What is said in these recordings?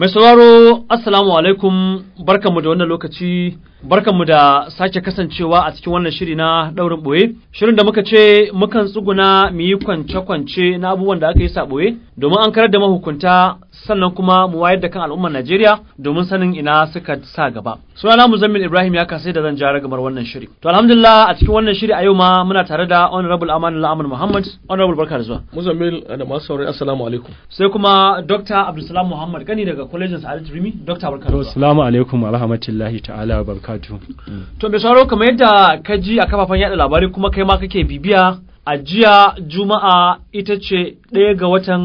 Mai sauraro Assalamu alaikum barkanmu da wannan lokaci barkanmu da sake kasancewa a cikin wannan shiri na daurin ɓoye shirin da muka ce mukan tsuguna mu yi kwance-kwance na abubuwan da aka yi saɓoye domin an karar da mahukunta sannan kuma mu wayar da kan al'ummar Najeriya domin sanin ina suka sa gaba. Sunana Muzammil Ibrahim ya kasai da zan ja ragamar wannan shiri. To alhamdulillah a cikin wannan shiri a yau ma muna tare da Honorable Amanullah Ahmad Muhammad, Honorable Barka da zuwa. Muzammil da masu saurari assalamu alaikum. Sai kuma Dr. Abdulsalam Muhammad Gani daga College Sa'adat Rimi, Dr. Barka da zuwa. Assalamu alaikum wa rahmatullahi ta'ala wa barakatuh. To bai sauraro kamar yadda ka ji a kafafen yada labarai kuma kai ma kake bibiya a jiya juma'a ita ce ɗaya ga watan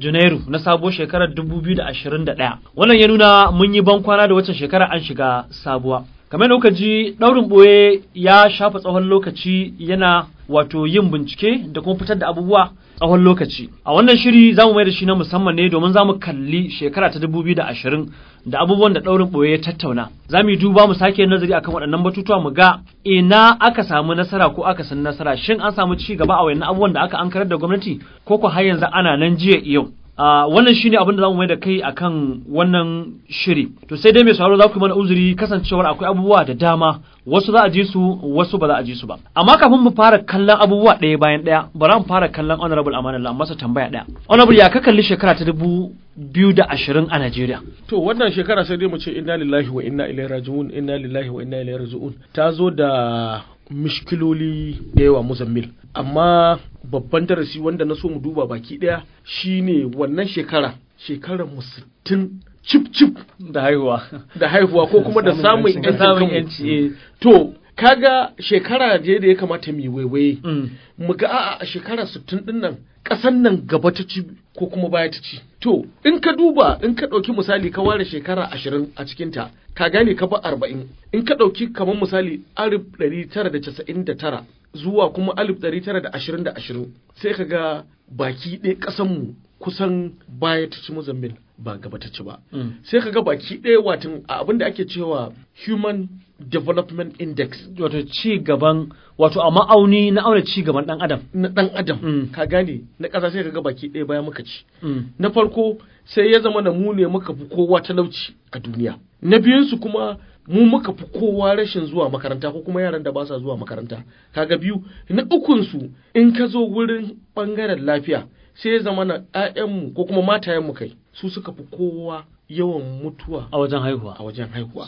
Janairu na sabuwar shekarar ɗaya wannan ya nuna mun yi ban kwana da watan shekara an shiga sabuwa kamar da ji ɗaurin ɓoye ya shafa tsawon lokaci yana wato yin bincike da kuma fitar da abubuwa tsawon lokaci a wannan shiri za mu mai da shi na musamman ne domin za mu kalli shekara ta dubu biyu da ashirin. da abubuwan da ɗaurin ɓoye ya tattauna za mu yi duba mu sake nazari akan waɗannan batutuwa mu ga ina aka samu nasara ko aka san nasara shin an samu ci gaba a wayannan abubuwan da aka ankarar da gwamnati ko ko har yanzu ana nan jiya yau Ah, wannan shine abin da zamu mai da kai akan wannan shiri to sai dai mai sauraro za ku mana uzuri kasancewar akwai abubuwa da dama wasu za a ji su wasu ba za a ji su ba amma kafin mu fara kallon abubuwa ɗaya bayan ɗaya bari mu fara kallon honorable amana Allah masa tambaya ɗaya honorable ya ka kalli shekara ta dubu biyu da ashirin a Najeriya to wannan shekara sai dai mu ce inna lillahi wa inna ilaihi raji'un inna lillahi wa inna ilaihi raji'un ta zo da mishkiloli da yawa muzammil amma babban darasi wanda na so mu duba baki ɗaya shine wannan shekara shekarar mu sittin cip cip da haihuwa da haihuwa ko kuma da samun yanci eh. to kaga shekara je da ya kamata mu waiwaye mm. mu ga a shekara sittin din nan kasan nan gaba ta ci ko kuma baya ta ci to in ka duba in ka ɗauki misali ka ware shekara 20 a cikinta ka gane ka ba 40 in ka ɗauki kamar misali 1999 zuwa kuma 1920 sai ka ga baki ɗaya mu kusan baya ta ci Mozambique ba gaba ta ci ba. Mm. Sai ka ga baki ɗaya watan abin da ake cewa human development index wato ci gaban wato a ma'auni na auna ci gaban dan adam na dan adam mm. ka gane na ƙasa sai ka ga baki ɗaya bayan muka ci mm. na farko sai ya zama da mu ne muka fi kowa talauci a duniya na biyunsu kuma mu muka fi kowa rashin zuwa makaranta ko kuma yaran da ba sa zuwa makaranta kaga biyu na ukunsu in ka zo wurin ɓangaren lafiya sai ya zama na 'ya'yanmu ko kuma matayenmu kai su suka fi kowa yawan mutuwa a wajen haihuwa a wajen haihuwa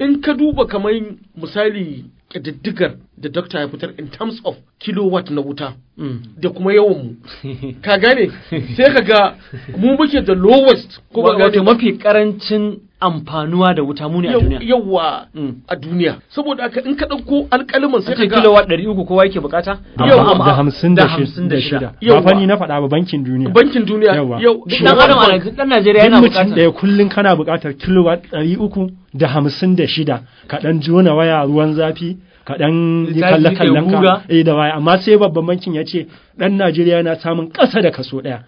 in ka duba kamar misali ƙididdigar da dokta ya fitar in terms of kilowatt na wuta mm. da kuma yawan mu ka gane sai ka ga mu muke da lowest ko ba wato mafi karancin amfanuwa da wuta muni a duniya yawa mm. a duniya saboda aka in ka dauko alƙaliman sai ka ga kilowatt 300 kowa yake bukata amma da 56 ba fani na faɗa ba bankin duniya bankin duniya yawa dan adam a dan Najeriya yana bukata da kullun kana bukatar kilowatt 300 da 56 ka dan jona waya ruwan zafi kaɗan yi kallakan ka eh da waya amma sai babban bankin ya ce dan Najeriya yana samun ƙasa da kaso ɗaya.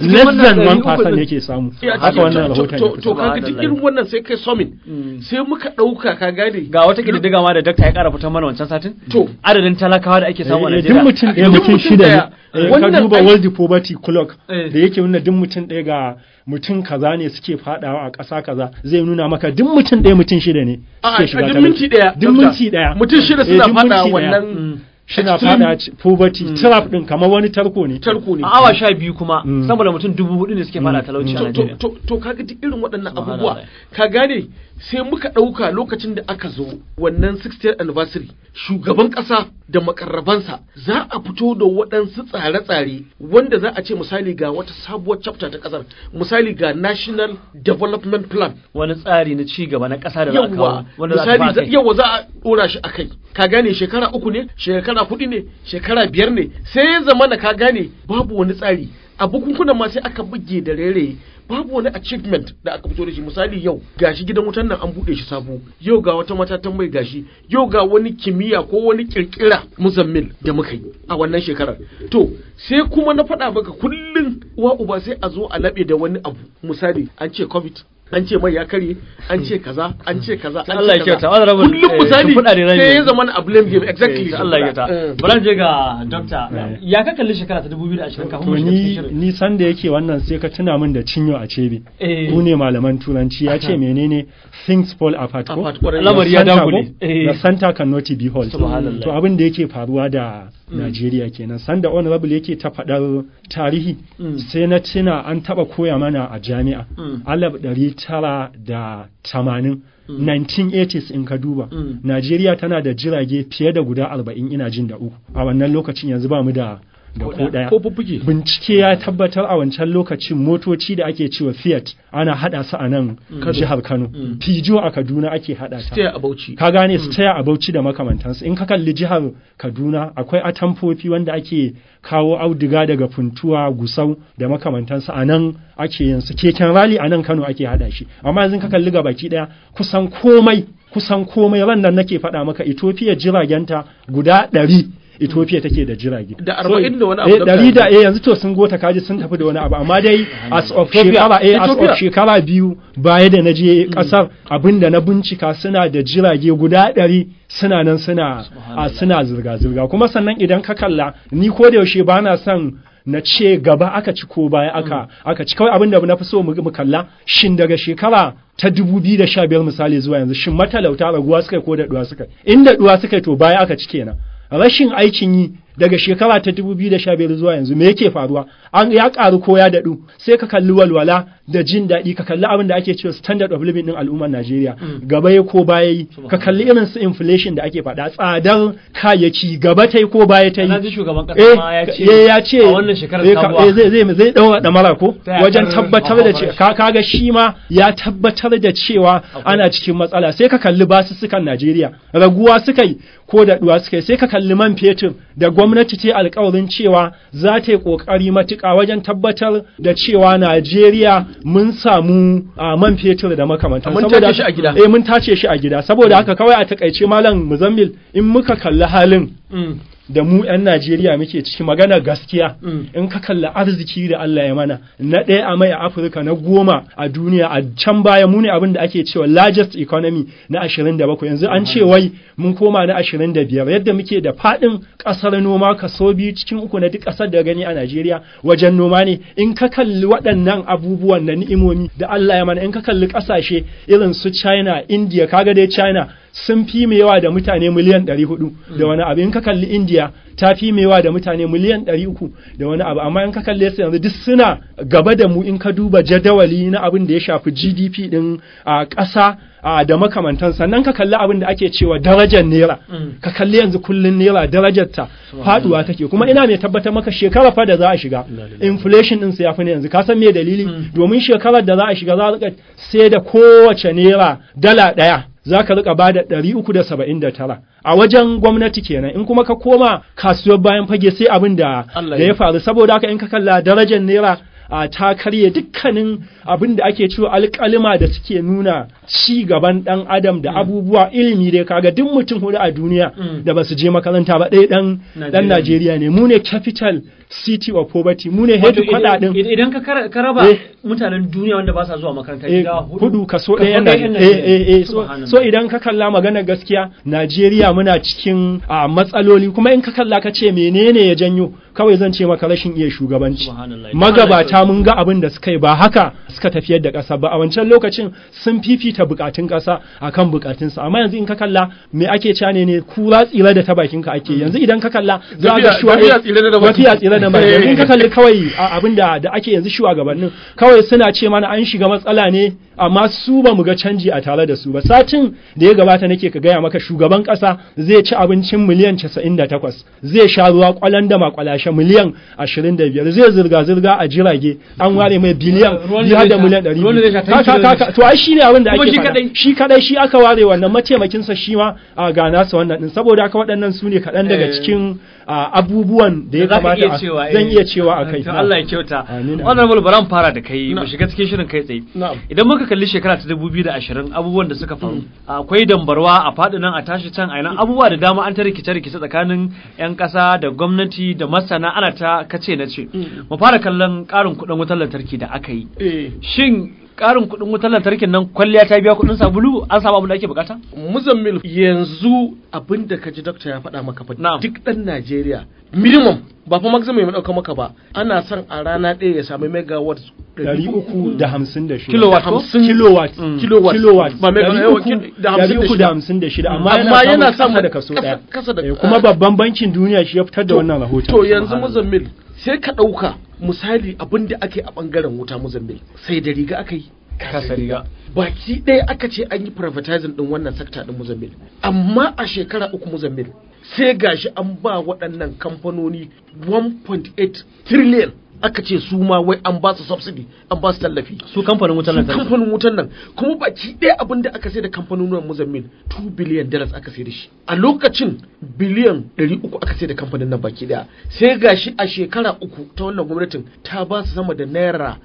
Lezzan man fasan yake samu. Eh, Haka wannan rahoton. ya To kaga duk irin wannan sai kai somin. Hmm. Sai muka ɗauka ka gane. Ga wata kididdiga ma da dakta ya ƙara fitan mana wancan satin. To adadin talakawa da ake samu a eh, eh, Najeriya. Duk mutum ɗaya mutum shida ne. Ka duba World Poverty Clock da yake nuna duk mutum ɗaya ga mutum kaza ne suke fadawa a ƙasa kaza zai nuna maka duk mutum ɗaya mutum shida ne. A duk minti ɗaya. Duk minti ɗaya. Mutum shida suna fadawa wannan hmm. shina fada puberty. Hmm. trap din kamar wani tarko ne tarko ne a awa sha biyu kuma hmm. saboda mutum dubu hudu ne suke fada hmm. talauci a Najeriya to kaga duk irin waɗannan abubuwa ka gane sai muka ɗauka lokacin da aka zo wannan 60th anniversary shugaban ƙasa da makarrabansa za a fito da waɗansu tsare-tsare wanda za a ce misali ga wata sabuwar chapter ta ƙasar misali ga national development plan wani tsari na ci na ƙasa da za a kawo wanda za a yawa za a ɗora shi a kai ka gane shekara uku ne shekara huɗu ne shekara biyar ne sai ya zama na ka gane babu wani tsari a bukunkunan ma sai aka buge da rere babu wani achievement da aka fito da shi misali yau gashi gidan wutan nan an bude shi sabo yau ga wata mata ta mai gashi yau ga wani kimiyya ko wani kirkira muzammil da muka yi a wannan shekarar to sai kuma na faɗa baka kullum uwa uba sai a zo a laɓe da wani abu misali an ce covid an ce mai ya kare an ce kaza an ce kaza an ce kaza kullum eh, misali sai ya zama a blame game exactly eh, Allah ya ta eh. bari je ga doctor ya ka kalli shekara ta 2020 kafin mu shiga ni san da yake wannan sai ka tuna min da cinyo a cebe ku ne malaman turanci ya ce menene things fall apart ko lamar ya dakule the center cannot be whole to abin da yake faruwa da Mm. Najeriya kenan sanda honorable yake ta faɗar tarihi mm. sai na tuna an taɓa koya mana a jami'a mm. alab ɗari tara da tamanin 1980s in ka duba Najeriya tana da jirage fiye da guda arba'in ina jin da uku a wannan lokacin yanzu ba mu da da ko bincike ya tabbatar a wancan lokacin motoci da ake cewa Fiat ana hada su a nan jihar Kano Pijo mm. a Kaduna ake hada ta a ka gane mm. Staya a Bauchi da makamantansu in ka kalli jihar Kaduna akwai atamfofi wanda ake kawo auduga daga funtuwa gusau da makamantansu a nan ake yin su keken rali a nan Kano ake hada shi amma yanzu ka kalli ga baki daya kusan komai kusan komai wannan nake faɗa maka Ethiopia jiragenta guda ɗari Ethiopia take da jirage da 40 da wani abu eh, da da eh yanzu to sun gota kaji sun tafi da wani abu amma dai as of shekara eh as of shekara biyu baya da na je kasar mm. abinda na bincika suna da jirage guda ɗari suna nan suna suna zirga zirga kuma sannan idan ka kalla ni ko da yaushe ba na son na ce gaba aka ci ko baya aka mm. aka ci kawai abinda na fi so mu kalla shin daga shekara ta 2015 misali zuwa yanzu shin matalauta raguwa suka ko da duwa suka inda duwa suka to baya aka ci kenan rashin aikin yi daga shekara ta 2015 zuwa yanzu me yake faruwa an ya karu ko ya dadu sai ka kalli walwala da jin daɗi ka kalli abin da ake cewa standard of living din al'ummar Najeriya hmm. gaba ko baya ka kalli irin su inflation da ake faɗa tsadar kayayyaki gaba tai ko baya tai yi. shugaban kasa eh, ma ya ce eh, ya ce a wannan shekarar zai eh, zai zai da mara ko wajen tabbatar da cewa kaga shi ma ya tabbatar da cewa ana cikin matsala sai ka kalli basussukan Najeriya raguwa suka yi ko daɗuwa suka yi sai ka kalli man fetur da gwamnati gwamnati ce alkawarin cewa za ta yi ƙoƙari matuƙa wajen tabbatar da cewa Najeriya mun samu a man fetur da makamantan. Mun tace shi a gida. Eh mun tace shi a gida saboda mm. haka kawai a takaice Malam Muzammil in muka kalli halin. Mm. da mu 'yan Najeriya muke ciki magana gaskiya mm. in ka kalla arziki da Allah ya mana na ɗaya a mai a Afirka na goma a duniya a can baya mu ne abin da ake cewa largest economy na 27 yanzu an ce mm. wai mun koma na 25 yadda muke da faɗin ƙasar noma kaso biyu cikin uku na duk ƙasar da gani a Najeriya wajen noma ne in ka kalli waɗannan abubuwan na ni'imomi da Allah ya mana in ka kalli ƙasashe irin su China India kaga dai China sun fi mai yawa da mutane miliyan 400 da wani abu in ka kalli India ta fi mai yawa da mutane miliyan 300 da wani abu amma in ka kalli su yanzu duk suna gaba da mu in ka duba jadawali na abin da ya shafi GDP din a ƙasa da makamantan sannan ka kalli abin da ake cewa darajar naira mm. ka kalli yanzu kullun naira ta faduwa take kuma ina mai tabbatar maka shekara fa da za a shiga inflation din sa yafi ne yanzu ka san me dalili mm. domin shekarar da za a shiga za a rika sai da kowace naira dala daya za ka rika ba da ɗari uku da saba'in da tara a wajen gwamnati kenan in kuma ka koma kasuwar bayan fage sai abin da ya faru saboda haka in ka kalla darajar naira a ta karye dukkanin abin da ake cewa alƙalima da suke nuna ci gaban ɗan adam da mm. abubuwa ilimi dai kaga duk mutum hudu a duniya mm. da ba su je makaranta ba ɗaya ɗan Najeriya ne mu ne capital city of poverty mu ne head kwada din idan ka karaba eh. mutanen duniya wanda ba sa zuwa makaranta eh, gida hudu kaso ɗaya nan eh eh, eh so idan ka kalla magana gaskiya Najeriya muna cikin matsaloli kuma in ka kalla ka ce menene ya janyo kawai zan ce maka rashin iya shugabanci magabata mun ga abin da suka yi ba haka suka tafiyar da ƙasa ba a wancan lokacin sun fifita bukatun ƙasa akan bukatun sa amma yanzu in ka kalla me ake cane ne kura tsira da ta bakin ka ake hmm. yanzu idan ka kalla za ga shuwa tsira da na mai domin eh. ka kalli kawai abin da da ake yanzu shugabannin kawai suna ce mana an shiga matsala ne amma su ba mu ga canji a tare da su ba satin da ya gabata nake ka gaya maka shugaban kasa zai ci abincin miliyan 98 zai sha ruwa kwalan da makwalashe miliyan 25 zai zirga zirga a jirage an ware mai biliyan biyar da miliyan 100 to ai shine abin da ake shi kadai shi aka ware wannan mataimakinsa shi ma a gana su wannan din saboda haka waɗannan su ne kaɗan daga eh. cikin abubuwan da ya kamata zan iya eh, cewa a kai. Allah ya kyauta. Honorable Baran fara da kai mu shiga cikin shirin kai tsaye. Idan muka kalli shekara ta 2020 abubuwan da suka faru mm. akwai dambarwa a faɗi nan a tashi can a nan abubuwa da dama an ta rikice rikice tsakanin 'yan ƙasa da gwamnati da masana ana ta kace na ce. Mm. Mu fara kallon ƙarin kuɗin wutar lantarki da aka yi. Eh. Shin ƙarin kuɗin wutar lantarkin nan kwalliya ta biya kuɗin sabulu an samu abin da ake bukata? Muzammil yanzu abin da ka ji dokta ya faɗa maka ba duk ɗan Najeriya minimum ba fa maximum mai ɗauka maka ba ana son a rana ɗaya ya sami megawatt dari uku da hamsin da shida kilowatt hamsin kilowatt mm. kilowatt kilowatt ba Dari uku eh, da hamsin da shida amma yana samun kasa da kaso ɗaya eh, kuma ah. babban bankin duniya shi ya fitar da wannan rahoton to yanzu muzammil sai ka ɗauka misali abin da ake a ɓangaren wuta muzambil sai da riga aka yi kasa riga baki ɗaya aka ce an yi privatizing ɗin wannan sakta ɗin muzammil amma a shekara uku muzambil sai gashi an ba waɗannan kamfanoni 1.8 trillion aka ce su ma wai an ba su subsidy an ba su tallafi su kamfanin wutan nan kamfanin wutan nan kuma baki ɗaya abin da aka sai da kamfanin ruwan muzammin 2 billion dollars aka sai da shi a lokacin biliyan 300 aka sai da kamfanin nan baki ɗaya sai gashi a shekara uku ta wannan gwamnatin ta ba su sama da naira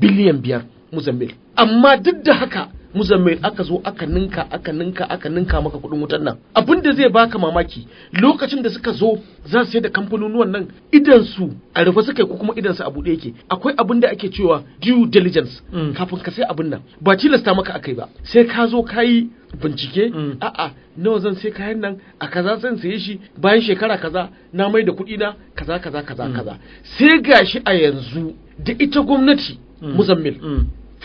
biliyan biyar muzammin amma duk da haka muzammil aka zo aka ninka aka ninka aka ninka maka kuɗin wutan nan abin da zai baka mamaki lokacin da suka zo za su da kamfanonuwan nan idan su a rufe suka yi ko kuma idan su a buɗe yake akwai abin da ake cewa due diligence mm. kafin ka sai abin nan ba tilasta maka akai ba sai ka zo ka yi bincike mm. a'a nawa zan sai kayan nan a kaza zan saye shi bayan shekara kaza na mai da kuɗi na kaza kaza kaza mm. kaza sai gashi a yanzu da ita gwamnati muzammil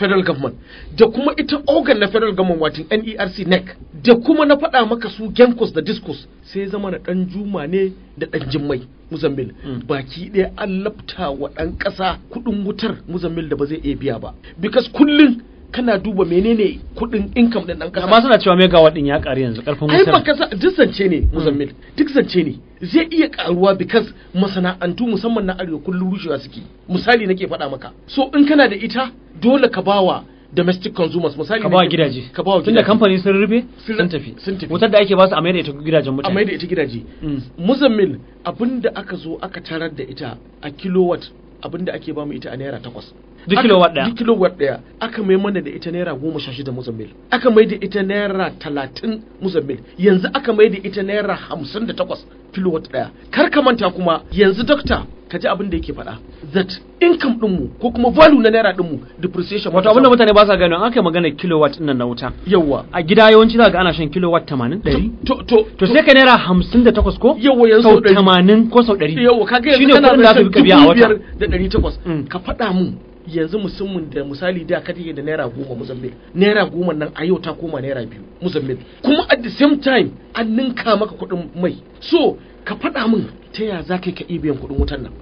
federal government da kuma ita organ na federal government watin NERC NEC da kuma na faɗa maka su Genkos da Discos sai zama na ɗan juma ne da ɗan jimmai Muzambil baki ɗaya an lafta wa ɗan ƙasa kuɗin wutar Muzambil da ba zai iya biya ba because kullum kana duba menene kuɗin income din ɗan ƙasa. Amma suna cewa megawatt din ya ƙare yanzu ƙarfin wutar. Ai ba kasa duk zance ne hmm. Muzammil duk zance ne zai iya ƙaruwa because masana'antu musamman na arewa kullum rushewa suke misali nake faɗa maka so in kana da ita dole ka bawa domestic consumers misali ka bawa gidaje ka bawa tunda kamfani sun rufe sun tafi sun tafi wutar da ake ba su a maida da ita gidajen mutane a maida da ita gidaje hmm. muzammil abinda aka zo aka tarar da ita a kilowatt abin da ake bamu ita a naira takwas duk kilo ɗaya duk ɗaya aka mai mana da ita naira goma sha shida muzammil aka mai da ita naira talatin muzammil yanzu aka mai da ita naira hamsin da takwas kilowatt ɗaya kar ka manta kuma yanzu dokta ka ji abin da yake faɗa that income din mu ko kuma value na naira din mu depreciation wato abin da mutane ba sa gano an kai magana kilowatt din nan na wuta yawa a gida yawanci ga ana shan kilowatt 80 100 to to to sai ka naira 58 ko yawa yanzu sau 80 ko sau 100 yawa kaga yanzu kana da ka biya a wata da mm. ka faɗa mu yanzu musamman da misali da ka da naira goma muzambil naira goma nan a yau ta koma naira biyu muzambil kuma at the same time an ninka maka kuɗin mai so ka faɗa min ta ya za ka yi ka iya biyan kuɗin wutan nan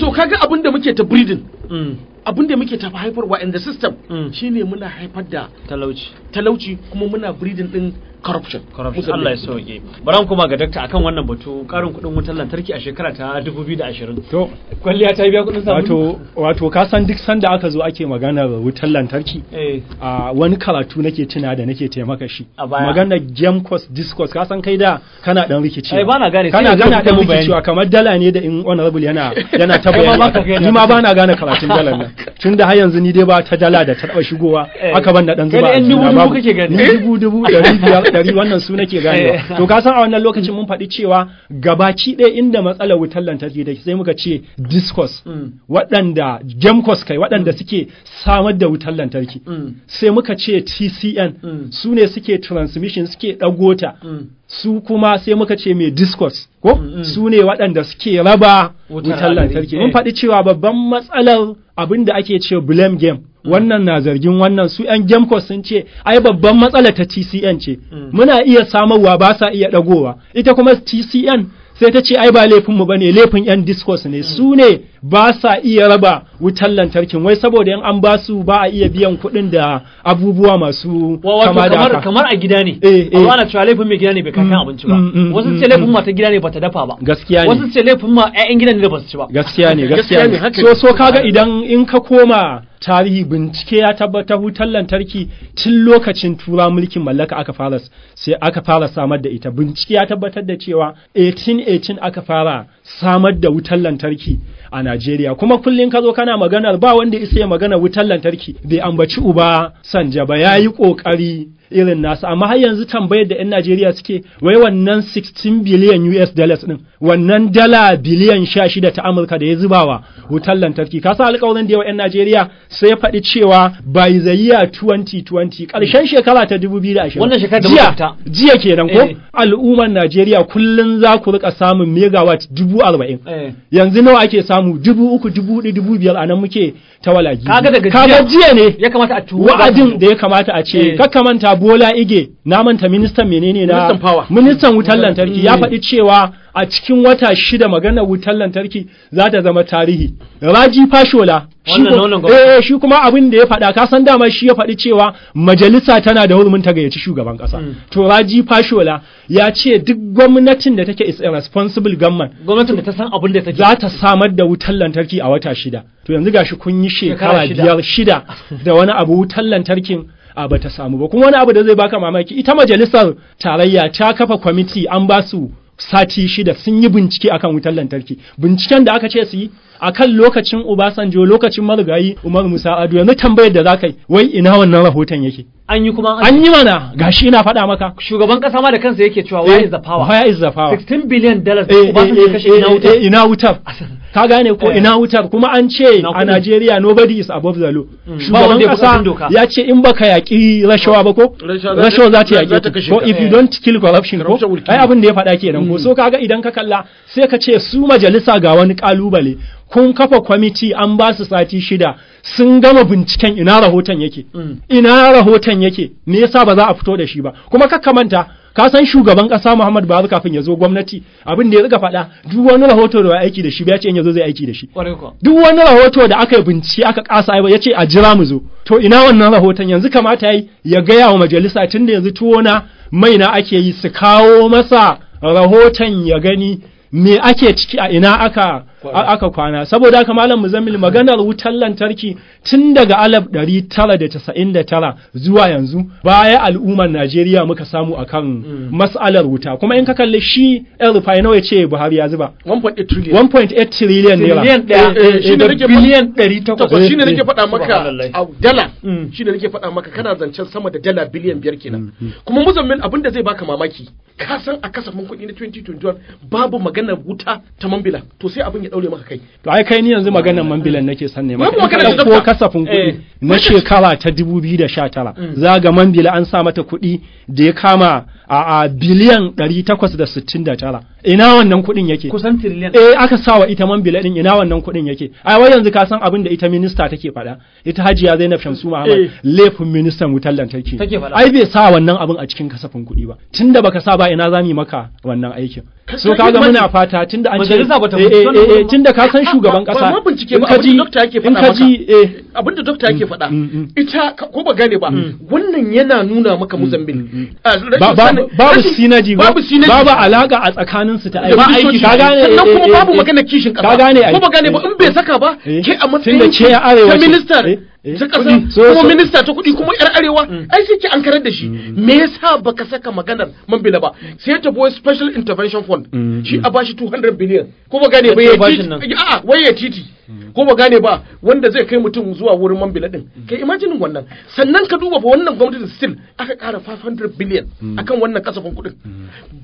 so kaga abin da muke ta breeding mm. abin da muke tafi haifarwa in the system mm. shine muna haifar da talauci talauci kuma muna breeding din corruption corruption Allah ya sauke baran kuma ga dakta akan wannan batu karin kudin wutar lantarki a shekara ta 2020 to kwalliya ta biya kudin sabulu wato wato ka san duk sanda aka zo ake magana da wutar lantarki eh. a wani karatu nake tuna da nake taimaka shi magana gem cost discourse ka san kai da kana dan rikici ai eh, bana gane kana gana dan rikici kamar dala ne da in honorable yana yana ta ni ma bana gane karatun dala nan tun da har yanzu ni dai ba ta dala da ta taba shigowa eh. aka ban da dan zuba ni dubu dubu kake gani ni dubu dubu dari biyar dari wannan su nake gani eh. to ka san a wannan lokacin mun faɗi cewa gabaci ɗaya inda matsalar wutar lantarki da sai muka ce discos mm. waɗanda gemcos kai waɗanda mm. suke samar da wutar lantarki mm. sai muka ce TCN su ne suke transmission suke ɗago ta su kuma sai muka ce mai discourse ko su ne waɗanda suke raba wutar lantarki mun faɗi cewa babban matsalar abin da ake ce blame game hmm. wannan na zargin wannan su yan gemco sun ce ai babban matsala ta tcn ce hmm. muna iya samarwa ba sa iya dagowa ita kuma tcn sai ta ce ai ba laifin mu bane laifin yan discourse ne hmm. su ne ba sa iya raba wutar lantarkin wai saboda yan an basu ba a iya biyan kuɗin da abubuwa masu kama da haka kamar a gida ne eh, amma eh. na cewa laifin mai gida ne bai kakan mm, abinci ba mm, mm, wasu ce laifin ma ta gida ne bata dafa ba gaskiya ne wasu ce laifin ma ƴaƴan gidan ne da basu ci ba gaskiya ne gaskiya ne so so kaga idan in ka koma tarihi bincike ya tabbatar wutar lantarki tun lokacin tura mulkin mallaka aka fara sai aka fara samar da ita bincike ya tabbatar da cewa 1818 aka fara samar da wutar lantarki a Najeriya kuma kullum ka zo kana maganar ba wanda isa ya magana wutar lantarki bai ambaci uba sanja ba yayi kokari irin nasu amma har yanzu tambayar da 'yan Najeriya suke wai wannan 16 biliyan US dollars din wannan dala biliyan 16 ta Amurka da ya zubawa wutar lantarki ka sa alƙawarin da yawa 'yan Najeriya sai ya faɗi cewa by the year 2020 ƙarshen shekara ta 2020 wannan shekara da jiya jiya kenan ko eh. al'ummar Najeriya kullun za ku rika samun megawatt 40 eh. yanzu nawa ake samu 3,000 dubu 5,000 a nan muke ka kaga jiya ne ya kamata a wa'adin da ya kamata a ce eh. ka manta bola ige na manta ministan menene na ministan wutar lantarki ya mm. faɗi cewa a cikin wata shida magana wutar lantarki za ta zama tarihi raji fashola eh, shi kuma abin da ya faɗa ka san dama shi ya faɗi cewa majalisa tana da hurumin ta gayyaci shugaban ƙasa hmm. to raji fashola ya ce duk gwamnatin da take is a responsible government gwamnatin da ta san abin da take za ta samar da wutar lantarki a wata shida to yanzu gashi kun yi shekara biyar shida da wani abu wutar lantarkin a bata samu ba kuma wani abu da zai baka mamaki ita majalisar tarayya ta kafa kwamiti an ba su sati shida sun yi bincike akan wutar lantarki binciken da aka ce su yi akan lokacin Obasanjo lokacin marigayi Umar Musa Ado yanzu tambayar da za ka yi wai ina wannan rahoton yake an yi kuma an yi mana gashi ina faɗa maka shugaban kasa ma da kansa yake cewa why is the power why is the power 16 billion dollars eh, Obasanjo eh, ya eh, kashe ina wutar ina wutar ka gane ko ina wutar kuma an ce a Najeriya nobody is above the law hmm. shugaban kasa ya ce in baka yaki rashawa ba ko rashawa za ta yaki ko if you don't kill corruption ko ai abin da ya faɗa kenan ko hmm. so kaga idan ka kalla sai ka ce su majalisa ga wani kalubale kun kafa kwamiti an ba su sati shida sun gama binciken ina rahoton yake mm. ina rahoton yake me yasa ba za a fito da shi ba kuma kakka manta ka san shugaban kasa Muhammad Buhari kafin ya zo gwamnati abin da ya riga faɗa duk wani rahoto da aiki da shi ya ce in yazo zai aiki da shi duk wani rahoto da aka yi bincike aka kasa ya yace a jira mu zo to ina wannan rahoton yanzu kamata yayi ya gaya wa majalisa tunda yanzu tuwo na mai na ake yi su kawo masa rahoton ya gani me ake ciki a ina aka aka kwana saboda haka malam muzammil maganar wutar lantarki tun daga alaf tara da casa'in da tara zuwa yanzu baya al'ummar najeriya muka samu akan mm. mas'alar wuta kuma in ka kalli shi yan rufai nawa ce buhari ya zuba 1.8 trillion naira eh, eh, shi ne eh, nake biliyan 800 shi ne nake faɗa maka dala mm. shi ne nake faɗa maka kana zancen sama da dala biliyan biyar kenan mm, kuma muzammil abin da zai baka mamaki ka san a kasafin kuɗi na 2021 babu maganar wuta ta mambila to sai abin ya daure maka kai to ai kai ni yanzu maganar mambilan nake san ne maka ko kasafin kuɗi eh. na shekara ta 2019 mm. zaga mambila an sa mata kuɗi da ya kama a biliyan 869 ina wannan kuɗin yake kusan trillion eh aka sawa ita man bila din ina wannan kuɗin yake ai wai yanzu ka san abin da ita minista take faɗa ita Hajiya Zainab Shamsu Muhammad eh. laifin ministan wutar lantarki ai bai sa wannan abin a cikin kasafin kuɗi ba tunda baka sa ba ina zamu maka wannan aikin so kaga muna fata tunda an ce eh eh, eh tunda ka san shugaban kasa in ka ji in ka ji eh abin da doctor yake mm, mm, faɗa mm, ita ko ba gane ba wannan yana nuna maka Mozambique ah, babu sinaji babu sinaji babu alaka a tsakanin su ta aiki ba aiki ka gane sannan kuma eh, babu eh, magana kishin kasa ka gane ko ba gane ba in bai saka ba eh, ke a matsayin ke arewa ta minister Eh, ta kasa kuma minista ta kuɗi kuma yar arewa mm. ai sai ki da shi mm, mm. me yasa baka saka maganar man bila ba sai ta boye special intervention fund shi a bashi 200 billion ko ba gane ba ya titi a'a wai ya titi ko ba gane ba wanda zai kai mutum zuwa wurin man bila din kai imagine wannan sannan ka duba wannan gwamnati still aka kara 500 billion akan wannan kasafin kuɗin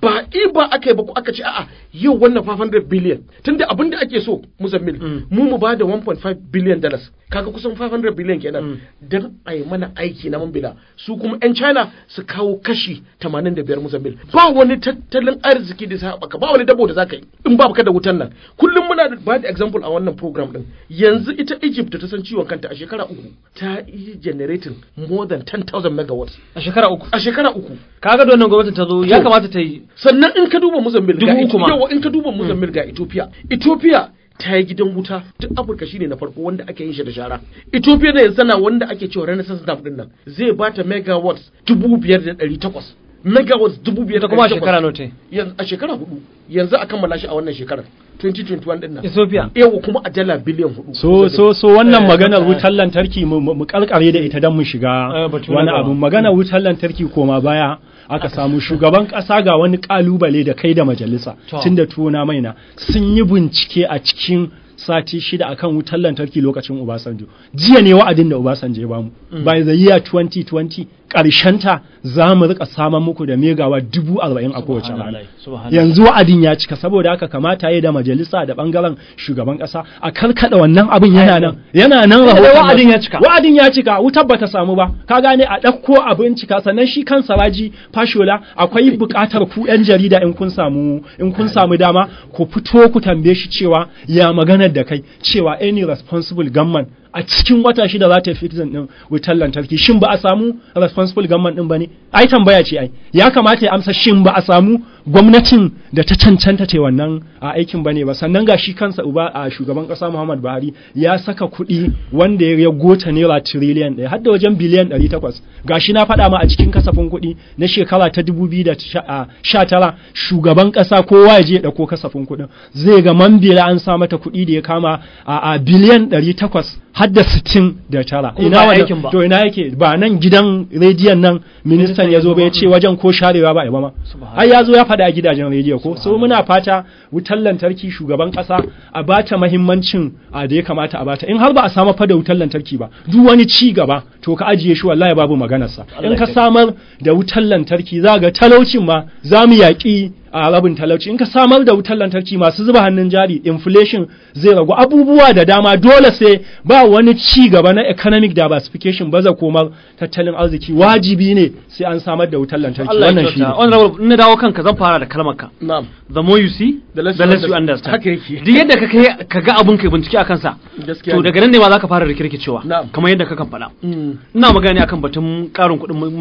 ba iba aka yi ba aka ce a'a yau wannan 500 billion tunda da ake so muzammil mu mu ba da 1.5 billion dollars kaga kusan 500 billion kenan mm. don a yi mana aiki na mun bila su kuma 'yan china su kawo kashi 85 musa ba wani tattalin arziki da sa baka ba wani dabo da zaka yi in ba ka da wutan nan kullum muna da ba example a wannan program din yanzu ita egypt ta san ciwon kanta a shekara uku ta yi generating more than 10,000 megawatts a shekara uku a shekara uku kaga da wannan gwamnati ta zo ya kamata ta yi sannan in ka duba mozambique ga in ka duba mozambique ga ethiopia ethiopia ta yi gidan wuta duk Afirka shine na farko wanda ake yin shi da shara Ethiopia ne sana wanda ake cewa Renaissance dam din nan zai bata megawatts dubu biyar da ɗari takwas megawatts dubu biyar da kuma shekara note yanzu a shekara hudu yanzu a kammala shi a wannan shekarar 2021 din nan Ethiopia yawa kuma a dala biliyan hudu so so so wannan eh, maganar eh. wutar lantarki mu kalkare da ita dan mu shiga eh, wani abu maganar wutar lantarki koma baya aka samu shugaban kasa ga wani kalubale da kai da majalisa tun tunda na maina sun yi bincike a cikin sati shida akan wutar lantarki lokacin Obasanjo jiya ne wa'adin da Obasanjo ya bamu mm. by the year 2020 ta za mu rika saman muku da megawa dubu arba'in a kowace rana yanzu wa'adin ya cika saboda haka kamata ya da majalisa da bangaren shugaban ƙasa, a karkada wannan abin yana nan yana nan rahoton wa'adin ya cika wa'adin ya cika wutar bata samu ba ka gane a ɗauko abin cika sannan shi kan saraji fashola akwai buƙatar ku yan jarida in kun samu dama ku fito ku tambaye shi cewa ya maganar da kai cewa any responsible gamman a cikin wata shida za ta fitin din wutar lantarki shin ba a samu responsible government din ba ne ai tambaya ce ai ya kamata ya amsa shin ba a samu gwamnatin da ta cancanta ce wannan a aikin bane ba sannan ga shi kansa uba a shugaban kasa Muhammad Buhari ya saka kuɗi wanda ya gota naira trillion ɗaya har da wajen biliyan 800 gashi na faɗa ma a cikin kasafin kuɗi na shekara ta 2019 shugaban kasa kowa ya je ya ɗauko kasafin kuɗin zai ga mambila an sa mata kuɗi da ya kama a biliyan 800 har da 69 ina ba to ina yake ba nan gidan rediyon nan ministan ya zo ba ya ce wajen ko sharewa ba ai ba ma ai ya zo ya faɗa fada gidajen rediyo ko so muna fata wutar lantarki shugaban kasa a bata mahimmancin a da ya kamata a bata in har ba a samar fada wutar lantarki ba duk wani ci gaba to ka ajiye shi wallahi babu maganarsa in ka samar da wutar lantarki za ga talaucin ma za mu yaƙi a rabin talauci in ka samar da wutar lantarki masu zuba hannun jari inflation zai ragu abubuwa da dama dole sai ba wani ci gaba na economic diversification ba za komar tattalin arziki wajibi ne sai an samar da wutar lantarki wannan shi ne na dawo kanka zan fara da kalmar ka na'am the more you see the less, the less you understand haka yake duk yadda ka kai ka ga abun kai bincike akan sa to daga nan ne ma za ka fara rikirkicewa kamar yadda ka kan faɗa mm. ina magana ne akan batun karin kuɗin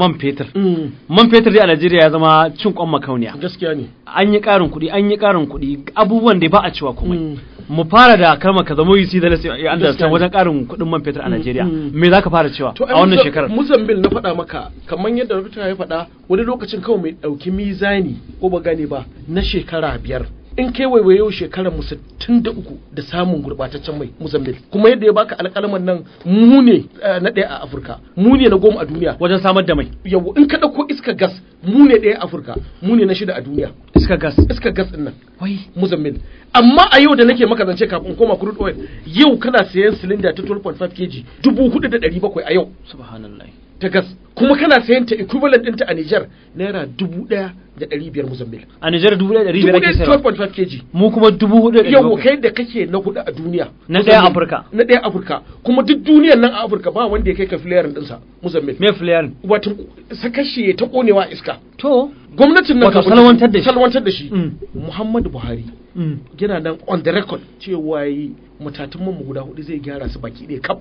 man fetur mm. man fetur dai a Najeriya ya zama cin kwan makauniya gaskiya ne an yi ƙarin kuɗi an yi karin kuɗi abubuwan da ba a cewa komai mm. mu fara da kalma ka zama yusi da lasi ya understand wajen karin kuɗin man fetur a mm, Najeriya mm. me zaka fara cewa a wannan shekarar Mozambique na faɗa maka kamar yadda Rubuta ya faɗa wani lokacin kawai mai ɗauki mizani ko ba gane ba na shekara biyar in kai yau shekaran mu 63 da samun gurbataccen mai Mozambique kuma yadda ya baka alƙalaman nan mu ne eh, na ɗaya a Afirka mu ne na goma a duniya wajen samar da mai yawa in ka ɗauko iska gas mu ne ɗaya a Afirka mu ne na shida a duniya iska gas iska gas din nan wai Mozambique amma a yau da nake maka zance kafin koma crude oil yau kana sayan silinda ta 12.5 kg 4700 a yau subhanallah ta gas kuma hmm. kana sayan ta equivalent ɗinta a Niger naira dubu ɗaya da ɗari biyar Mozambique. A Niger dubu ɗaya da ɗari biyar ake sayarwa. Dubu ɗaya kg. Mu kuma dubu hudu da Yau kai da kake na hudu a duniya. Na ɗaya Afirka. Na ɗaya Afirka kuma duk duniyan nan a Afirka ba wanda ya kai ka filayarin ɗinsa Mozambique. Me filayarin? Wato sakashe ta ƙonewa iska. To. Gwamnatin nan. Wato salwantar da shi. Salwantar da shi. Hmm. Muhammadu Buhari. Hmm. Yana nan on the record cewa yi matatun mu guda hudu zai gyara su baki ɗaya kaf.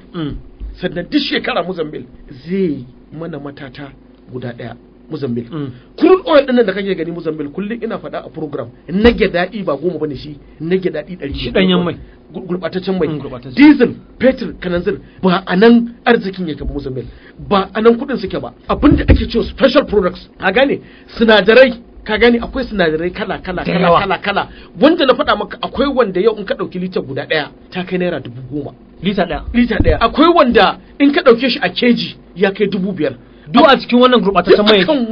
sannan duk shekara muzambil zai mana matata guda ɗaya muzambil kurun mm. oil ɗin da kake gani muzambil kullum ina faɗa a program nage daɗi ba goma bane shi nage daɗi ɗari shi ɗanyen mai gurɓataccen mai mm, diesel fetur kananzir ba anan arzikin yake ba muzambil ba anan nan kuɗin suke ba abinda ake cewa special products a gane sinadarai ka gani akwai sinadarai kala kala kala kala kala wanda na faɗa maka akwai wanda yau in ka ɗauki lita guda ɗaya ta kai naira dubu goma lita ɗaya lita ɗaya akwai wanda in ka ɗauke shi a keji ya kai dubu biyar duk a cikin wannan gurbataccen mai da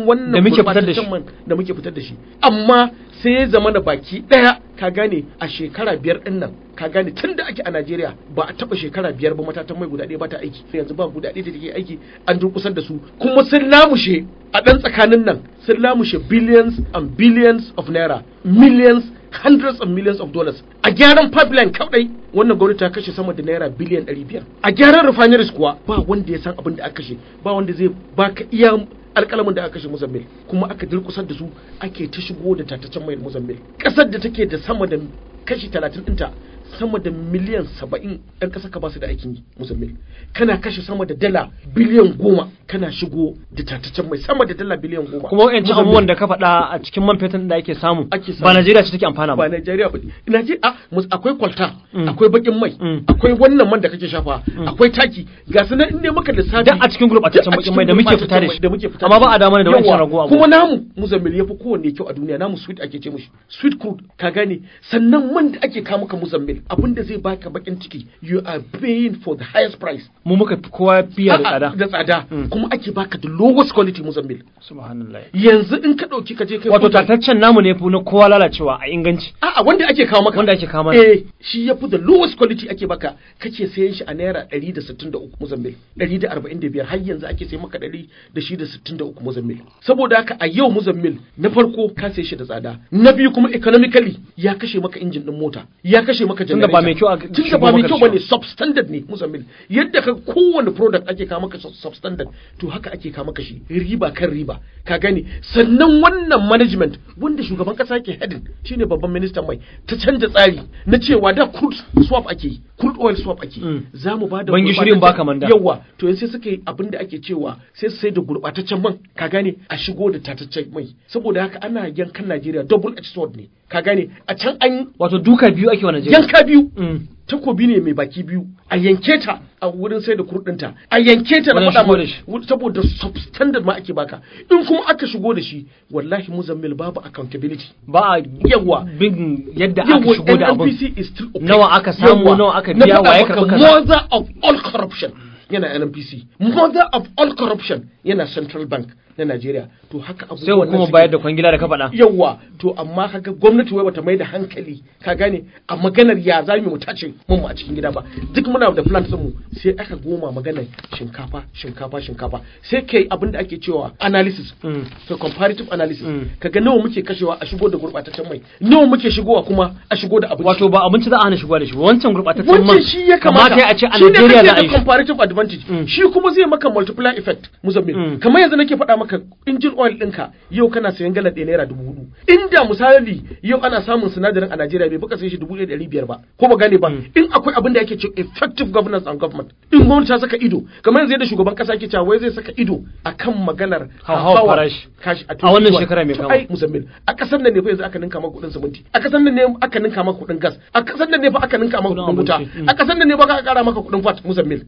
muke fitar da shi da muke fitar da shi amma sai ya zama da baki ɗaya. ka gane a shekara biyar din nan ka gane tun da ake a Najeriya ba a taɓa shekara biyar ba matatan mai guda ɗaya ba ta aiki yanzu ba guda ɗaya da take aiki an kusan da su kuma sun lamushe a ɗan tsakanin nan sun lamushe billions and billions of naira millions hundreds of millions of dollars a gyaran pipeline kaɗai wannan gwamnati ta kashe sama da naira biliyan 500 a gyaran refineries kuwa ba wanda ya san abin da aka kashe ba wanda zai baka iya alkalamin da aka kashe Mozambique kuma aka durkusar da su ake ta shigo da tataccen mai Mozambique kasar da take da sama da kashi 30 ɗinta sama da miliyan saba'in ɗan ƙasa ka basu da aikin yi musulmi kana kashe sama da dala biliyan goma kana shigo da tataccen mai sama da dala biliyan goma kuma ci abubuwan da ka faɗa a cikin man fetur da ake samu ba Najeriya ce take amfana ba ba Najeriya ba Najeriya ah, akwai kwalta mm. akwai bakin mai mm. akwai wannan man da kake shafa mm. akwai taki ga su nan inda maka lissafi da a cikin group a cikin bakin mai da muke fita da shi amma ba a da mana da wancan ragowa kuma namu muzammil yafi kowanne kyau a duniya namu sweet ake ce mushi sweet crude ka gane sannan man da ake kawo maka muzammil abin da zai baka bakin ciki you are paying for the highest price mu muka kowa biya da tsada da tsada hmm. kuma ake baka the lowest quality muzambil subhanallah yanzu in ka dauki ka je kai wato tataccen namu ne na kowa lalacewa a inganci a'a wanda ake kawo maka wanda ake kawo maka eh shi ya fi the lowest quality ake baka kake sayan shi a naira 163 muzambil 145 har yanzu ake sayi maka 163 muzambil saboda haka a yau muzambil na farko ka sayi shi da tsada na biyu kuma economically ya kashe maka injin din mota ya kashe maka tunda ba mai kyau a tunda ba mai kyau bane substandard ne musamman yadda ka kowane product ake kawo maka substandard to haka ake kawo maka shi riba kan riba ka gani sannan wannan management wanda shugaban kasa yake heading shine babban ministan mai ta canza tsari na cewa da crude swap ake yi crude oil swap ake yi mm. ba da ban gishirin ba kaman da yawa to yanzu suka yi abin da ake cewa sai su sai da gurbataccen man ka gane a shigo da tataccen mai saboda haka ana yankan Najeriya double edged sword ne ka gane a can an wato duka biyu ake wani yanka biyu mm. takobi ne mai baki biyu a yanke ta a wurin sai da kurdinta a yanke ta na faɗa ma saboda substandard ma ake baka in kuma aka shigo da shi wallahi muzammil babu accountability ba a yawa bin yadda aka shigo da abin nawa aka samu nawa aka biya wa ya karɓi kaza mother of all corruption yana NNPC. mother of all corruption yana central bank na Najeriya to haka abu sai kuma bayar da kwangila da kafada yawa to amma kaga gwamnati wai bata mai da hankali ka gane a maganar ya za mu tace mun mu a cikin gida ba duk muna da plan mu sai aka goma maganar shinkafa shinkafa shinkafa sai kai abin da ake cewa analysis mm. so comparative analysis mm. kaga nawa muke kashewa a shigo da gurbataccen mai nawa muke shigowa kuma a shigo da abinci wato ba abinci za a hana shigowa da shi wancan gurbataccen man shi ya kamata a ce a Najeriya za a yi comparative advantage mm. shi kuma zai maka multiplier effect mu ɗin mm. kamar yanzu nake faɗa maka injin oil ɗinka yau kana sayan galan ɗaya naira dubu hudu inda misali yau ana samun sinadarin a Najeriya bai baka sai shi dubu ɗaya ɗari biyar ba ko ba gane ba mm. in akwai abin da yake ce effective governance and government in gwamnati ta saka ido kamar yanzu yadda shugaban kasa ke cewa wai zai saka ido akan maganar hawa kashi a wannan shekara mai kama musamman a kasar nan ne fa yanzu aka ninka maka kuɗin siminti a kasar nan ne aka ninka maka kuɗin gas a kasar nan ne fa aka ninka maka kuɗin wuta a kasar mm. nan ne ba ka kara maka kuɗin fat musamman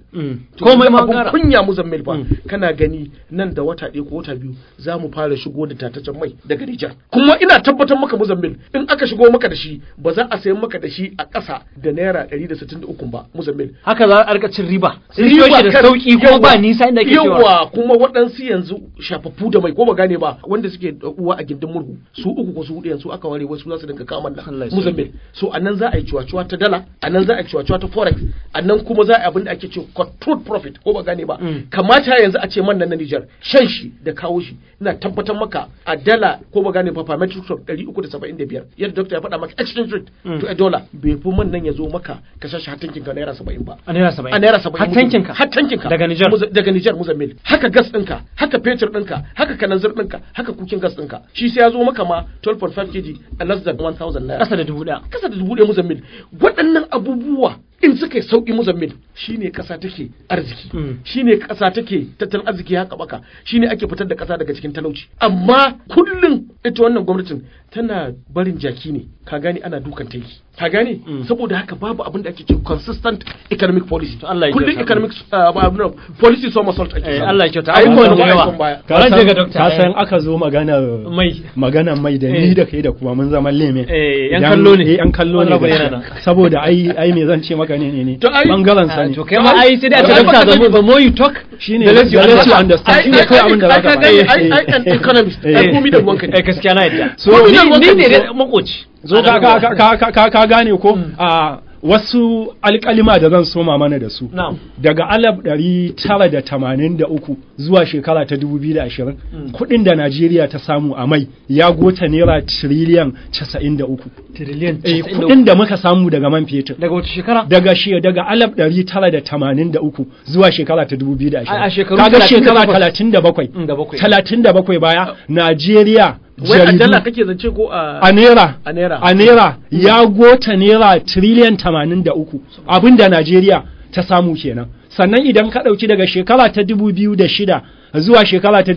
komai ma kunya musamman fa kana gani nan da wata ɗaya ko wata biyu za mu fara shigo da tataccen mai daga Nijar kuma ina tabbatar maka Muzambin in aka shigo maka da shi ba za a sayan maka da shi a ƙasa da naira 163 ba Muzambin. haka za a rika cin riba riba da sauki ko ba nisa inda ke cewa kuma waɗansu yanzu shafaffu da mai ko ba gane ba wanda suke uwa a gindin murhu su uku ko su hudu yanzu aka ware wasu za su dinga kama Muzambin. so anan za a yi ciwaciwa ta dala anan za a yi ciwaciwa ta forex anan kuma za a yi abin da ake cewa cut profit ko ba gane ba mm. kamata yanzu a ce man nan Niger shan shi da kawo shi ina tabbatar maka a dala ko ba gane fa metric ton 375 yadda doctor ya faɗa maka exchange rate hmm. to a dollar bai fi man nan ya zo maka ka sashi har tankin ka naira 70 ba a naira 70 a naira 70 har tankin ka har tankin ka daga Niger daga Nijar Mozambique haka gas ɗinka haka petrol ɗinka haka kanazir ɗinka haka kukin gas ɗinka shi sai ya zo maka ma 12.5 kg a less than 1000 naira kasa da dubu ɗaya kasa da dubu ɗaya Mozambique waɗannan abubuwa in suka yi sauƙi muzammin shine ƙasa take arziki hmm. shine ƙasa take tattalin arziki ya Shi shine ake fitar da ƙasa daga cikin talauci amma kullum ita wannan gwamnatin tana barin jaki ne ka gani ana dukan teki ka gani mm. saboda haka babu abin da ake ce consistent economic policy kullum economic uh, policy so masalt ake samu Allah ya kyauta ai ko ne yawa ka san ga doctor ka san aka zo magana mai magana mai da ni eh. da kai da kuma mun zama leme eh yan kallo ne eh yan kallo ne saboda ai ai me zan ce maka ne ne ne bangaren sa ah, ne to kai ma ai sai da ta doctor da mu more you talk shine the less you understand shine kai abin da za ka ai ai an economist eh. ai komai da wanka ai eh, gaskiya na yadda so ni ni ne makoci zo ka gane ko hmm. a wasu alƙalima da zan soma mana da su daga alaf ɗari tara da tamanin da uku zuwa shekara ta dubu biyu da ashirin hmm. kuɗin da najeriya ta samu a mai ya gota naira tiriliyan casa'in da uku eh, kuɗin da muka samu daga man fetur daga wata shekara daga shi daga alaf ɗari tara da tamanin da uku zuwa shekara ta dubu biyu da ashirin kaga shekara talatin da bakwai talatin da bakwai hmm, baya najeriya wai a naira a naira naira ya gota naira triliyan abinda Najeriya ta samu kenan sannan idan ka ɗauki daga shekara ta dubu biyu da shida zuwa shekara ta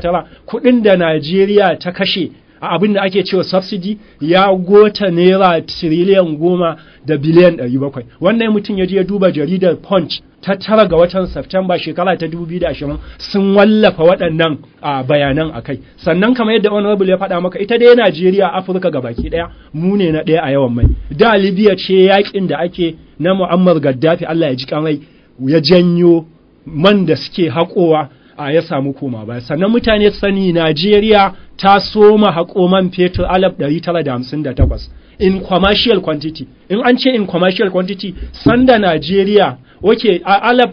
tara kuɗin da Najeriya ta kashe a abin da ake cewa subsidy ya gota naira tiriliyan goma da biliyan ɗari bakwai wannan mutum ya je ya duba jaridar punch ta tara ga watan september shekara ta biyu da ashirin. sun wallafa waɗannan a bayanan a kai sannan kamar yadda honorable ya faɗa maka ita dai Najeriya Afirka ga baki ɗaya mu ne na ɗaya a yawan mai da Libya ce yakin da ake na Muammar Gaddafi Allah ya ji rai ya janyo man da suke haƙowa a ya samu koma ba sannan mutane sani Najeriya ta soma haƙoman fetur alaf takwas in commercial quantity in an ce in commercial quantity sanda Najeriya wake a alaf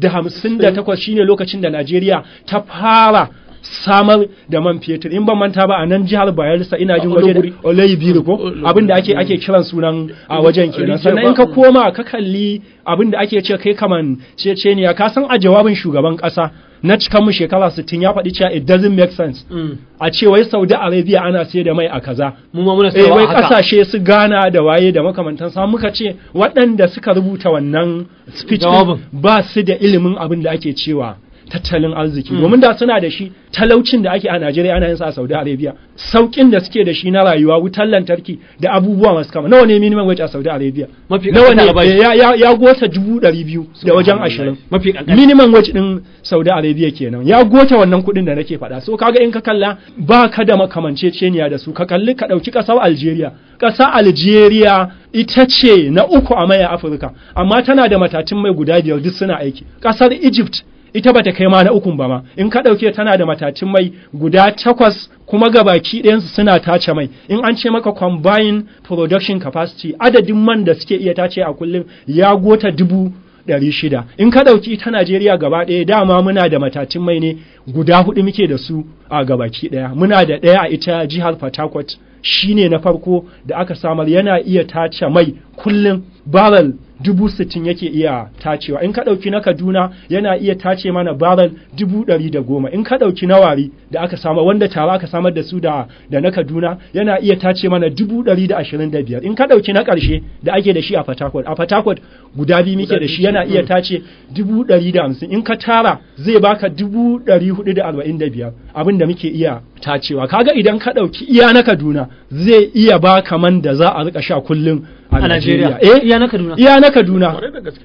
takwas shine lokacin da Najeriya ta fara samar da man fetur in ban manta ba a nan jihar Bayelsa ina jin waje Oleyibiri ko abinda ake ake kiran sunan a wajen kenan sannan in ka koma ka kalli abinda ake ce kai kaman ce ne ka san a jawabin shugaban kasa na cikan mu shekara 60 ya faɗi cewa it doesn't make sense mm. a ce wai Saudi Arabia ana sayar da mai a kaza mu ma muna eh, sayarwa wai kasashe su gana da waye da makamantan sa muka ce waɗanda suka rubuta wannan speech ba su da ilimin abin da ake cewa tattalin arziki hmm. domin da suna da shi talaucin da ake a Najeriya ana yin sa a Saudi Arabia saukin da suke da shi na rayuwa wutar lantarki da abubuwa masu kama nawa ne minimum wage a Saudi Arabia nawa ne ya gota dubu ɗari biyu da wajen ashirin minimum wage din Saudi Arabia kenan ya gota wannan kuɗin da nake faɗa so kaga in ka kalla ba ka da makamanceceniya da su ka kalli ka ɗauki ƙasar Algeria ƙasar Algeria ita ce na uku a maya Afirka amma tana da matatun mai guda biyar duk suna aiki ƙasar Egypt ita bata kai ma na ukun ba ma in ka ɗauke tana da matacin mai guda takwas kuma ga baki ɗayansu suna tace mai in an ce maka combined production capacity adadin man da suke iya tace a kullum ya gota dubu ɗari shida in ka ɗauki ita Najeriya gaba ɗaya dama muna da matacin mai ne guda hudu muke da su a gabaki ɗaya muna da ɗaya a ita jihar Fatakwat shi ne na farko da aka samar yana iya tace mai kullum barrel dubu sittin yake iya tacewa in ka ɗauki na kaduna yana iya tace mana baral dubu ɗari da goma in ka ɗauki na wari da aka sama wanda tare aka samar da su da na kaduna yana iya tace mana dubu ɗari da ashirin da biyar in ka ɗauki na ƙarshe da ake da shi a Fatakwat a Fatakwat guda biyu muke da shi yana iya tace dubu ɗari da hamsin in ka tara zai baka dubu ɗari hudu da arba'in da biyar abin da muke iya tacewa kaga idan ka ɗauki iya na kaduna zai iya baka man da za a rika sha kullum a Najeriya eh iya na Kaduna iya na Kaduna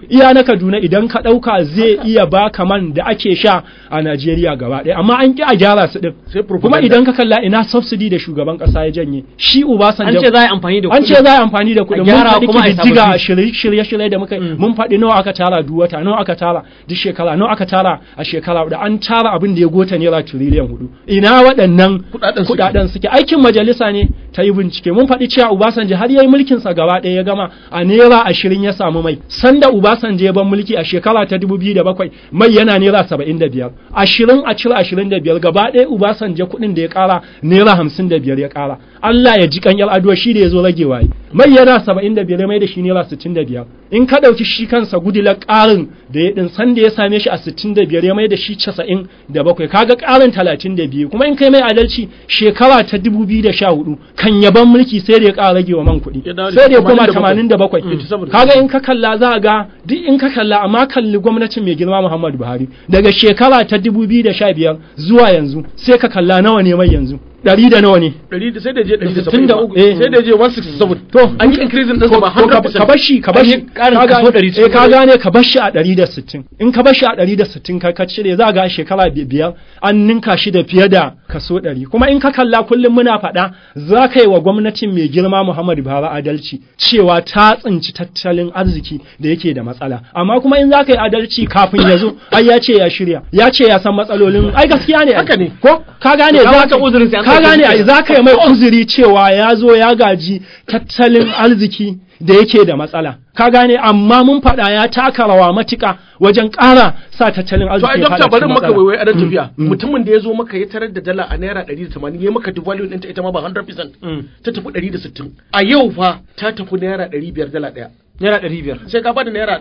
iya na Kaduna idan ka ɗauka zai iya baka man da ake sha a Najeriya gaba ɗaya amma an ki a gyara su din kuma idan ka kalla ina subsidy da shugaban kasa ya janye shi Obasanjo an ce za a amfani da kuɗi an ce za a amfani da kuɗi mun kuma a diga shirye shirye da muka mun faɗi nawa aka tara duk wata nawa aka tara duk shekara nawa aka tara a shekara da an tara abin da ya gota naira tiriliyan hudu ina waɗannan kuɗaɗen suke aikin majalisa ne ta yi bincike mun faɗi cewa Obasanjo har yayi mulkin sa gaba ɗaya ya gama a naira ashirin ya samu mai sanda Obasanjo ya ban mulki a shekara ta 2007 mai yana naira 75 ashirin a cire ashirin da biyar gaba ɗaya ubasanje kuɗin da ya ƙara naira hamsin da biyar ya ƙara Allah ya ji kanyar ado shi da ya zo rage waye mai yana saba'in da biyar mai da shi naira sittin da biyar in ka ɗauki shi kansa gudilar ƙarin da ya ɗinsan da ya same shi a sittin da biyar ya mai da shi casa'in da bakwai kaga ƙarin talatin da biyu kuma in kai mai adalci shekara ta dubu biyu da sha hudu kan yaban mulki sai da ya ƙara rage wa man kuɗi sai da ya koma tamanin da bakwai mm. kaga in ka kalla za ga duk in ka kalla amma kalli gwamnatin mai girma Muhammadu Buhari daga shekara ta 2015 zuwa yanzu sai ka kalla nawa ne mai yanzu ɗari da nawa ne ɗari da sai da je ɗari da sittin da uku eh. sai da je 167 to an yi increasing ɗinsa ba 100% ka bashi ka bashi ƙarin eh ka gane ka bashi a ɗari da sittin in ka bashi a ɗari da sittin ka cire za ga shekara biyar an ninka shi da fiye da kaso ɗari kuma in ka kalla kullum muna faɗa za ka yi wa gwamnatin mai girma Muhammadu Buhari adalci cewa ta tsinci tattalin arziki da yake da matsala amma kuma in za ka yi adalci kafin ya zo ai ya ce ya shirya ya ce ya san matsalolin ai gaskiya ne haka ne ko ka gane za ka uzurin ka gane a za ka yi mai uzuri cewa ya zo ya gaji tattalin arziki da yake da matsala ka gane amma mun faɗa ya taka rawa matuƙa wajen ƙara sa tattalin arziki ya faɗa bari maka waiwai a mm, tafiya mm. mutumin da ya zo maka ya tarar da dala a naira 180 ya maka devalue ɗinta ita ma ba 100% mm. ta tafi 160 a yau fa ta tafi naira 500 dala ɗaya naira ɗari biyar sai ka bada naira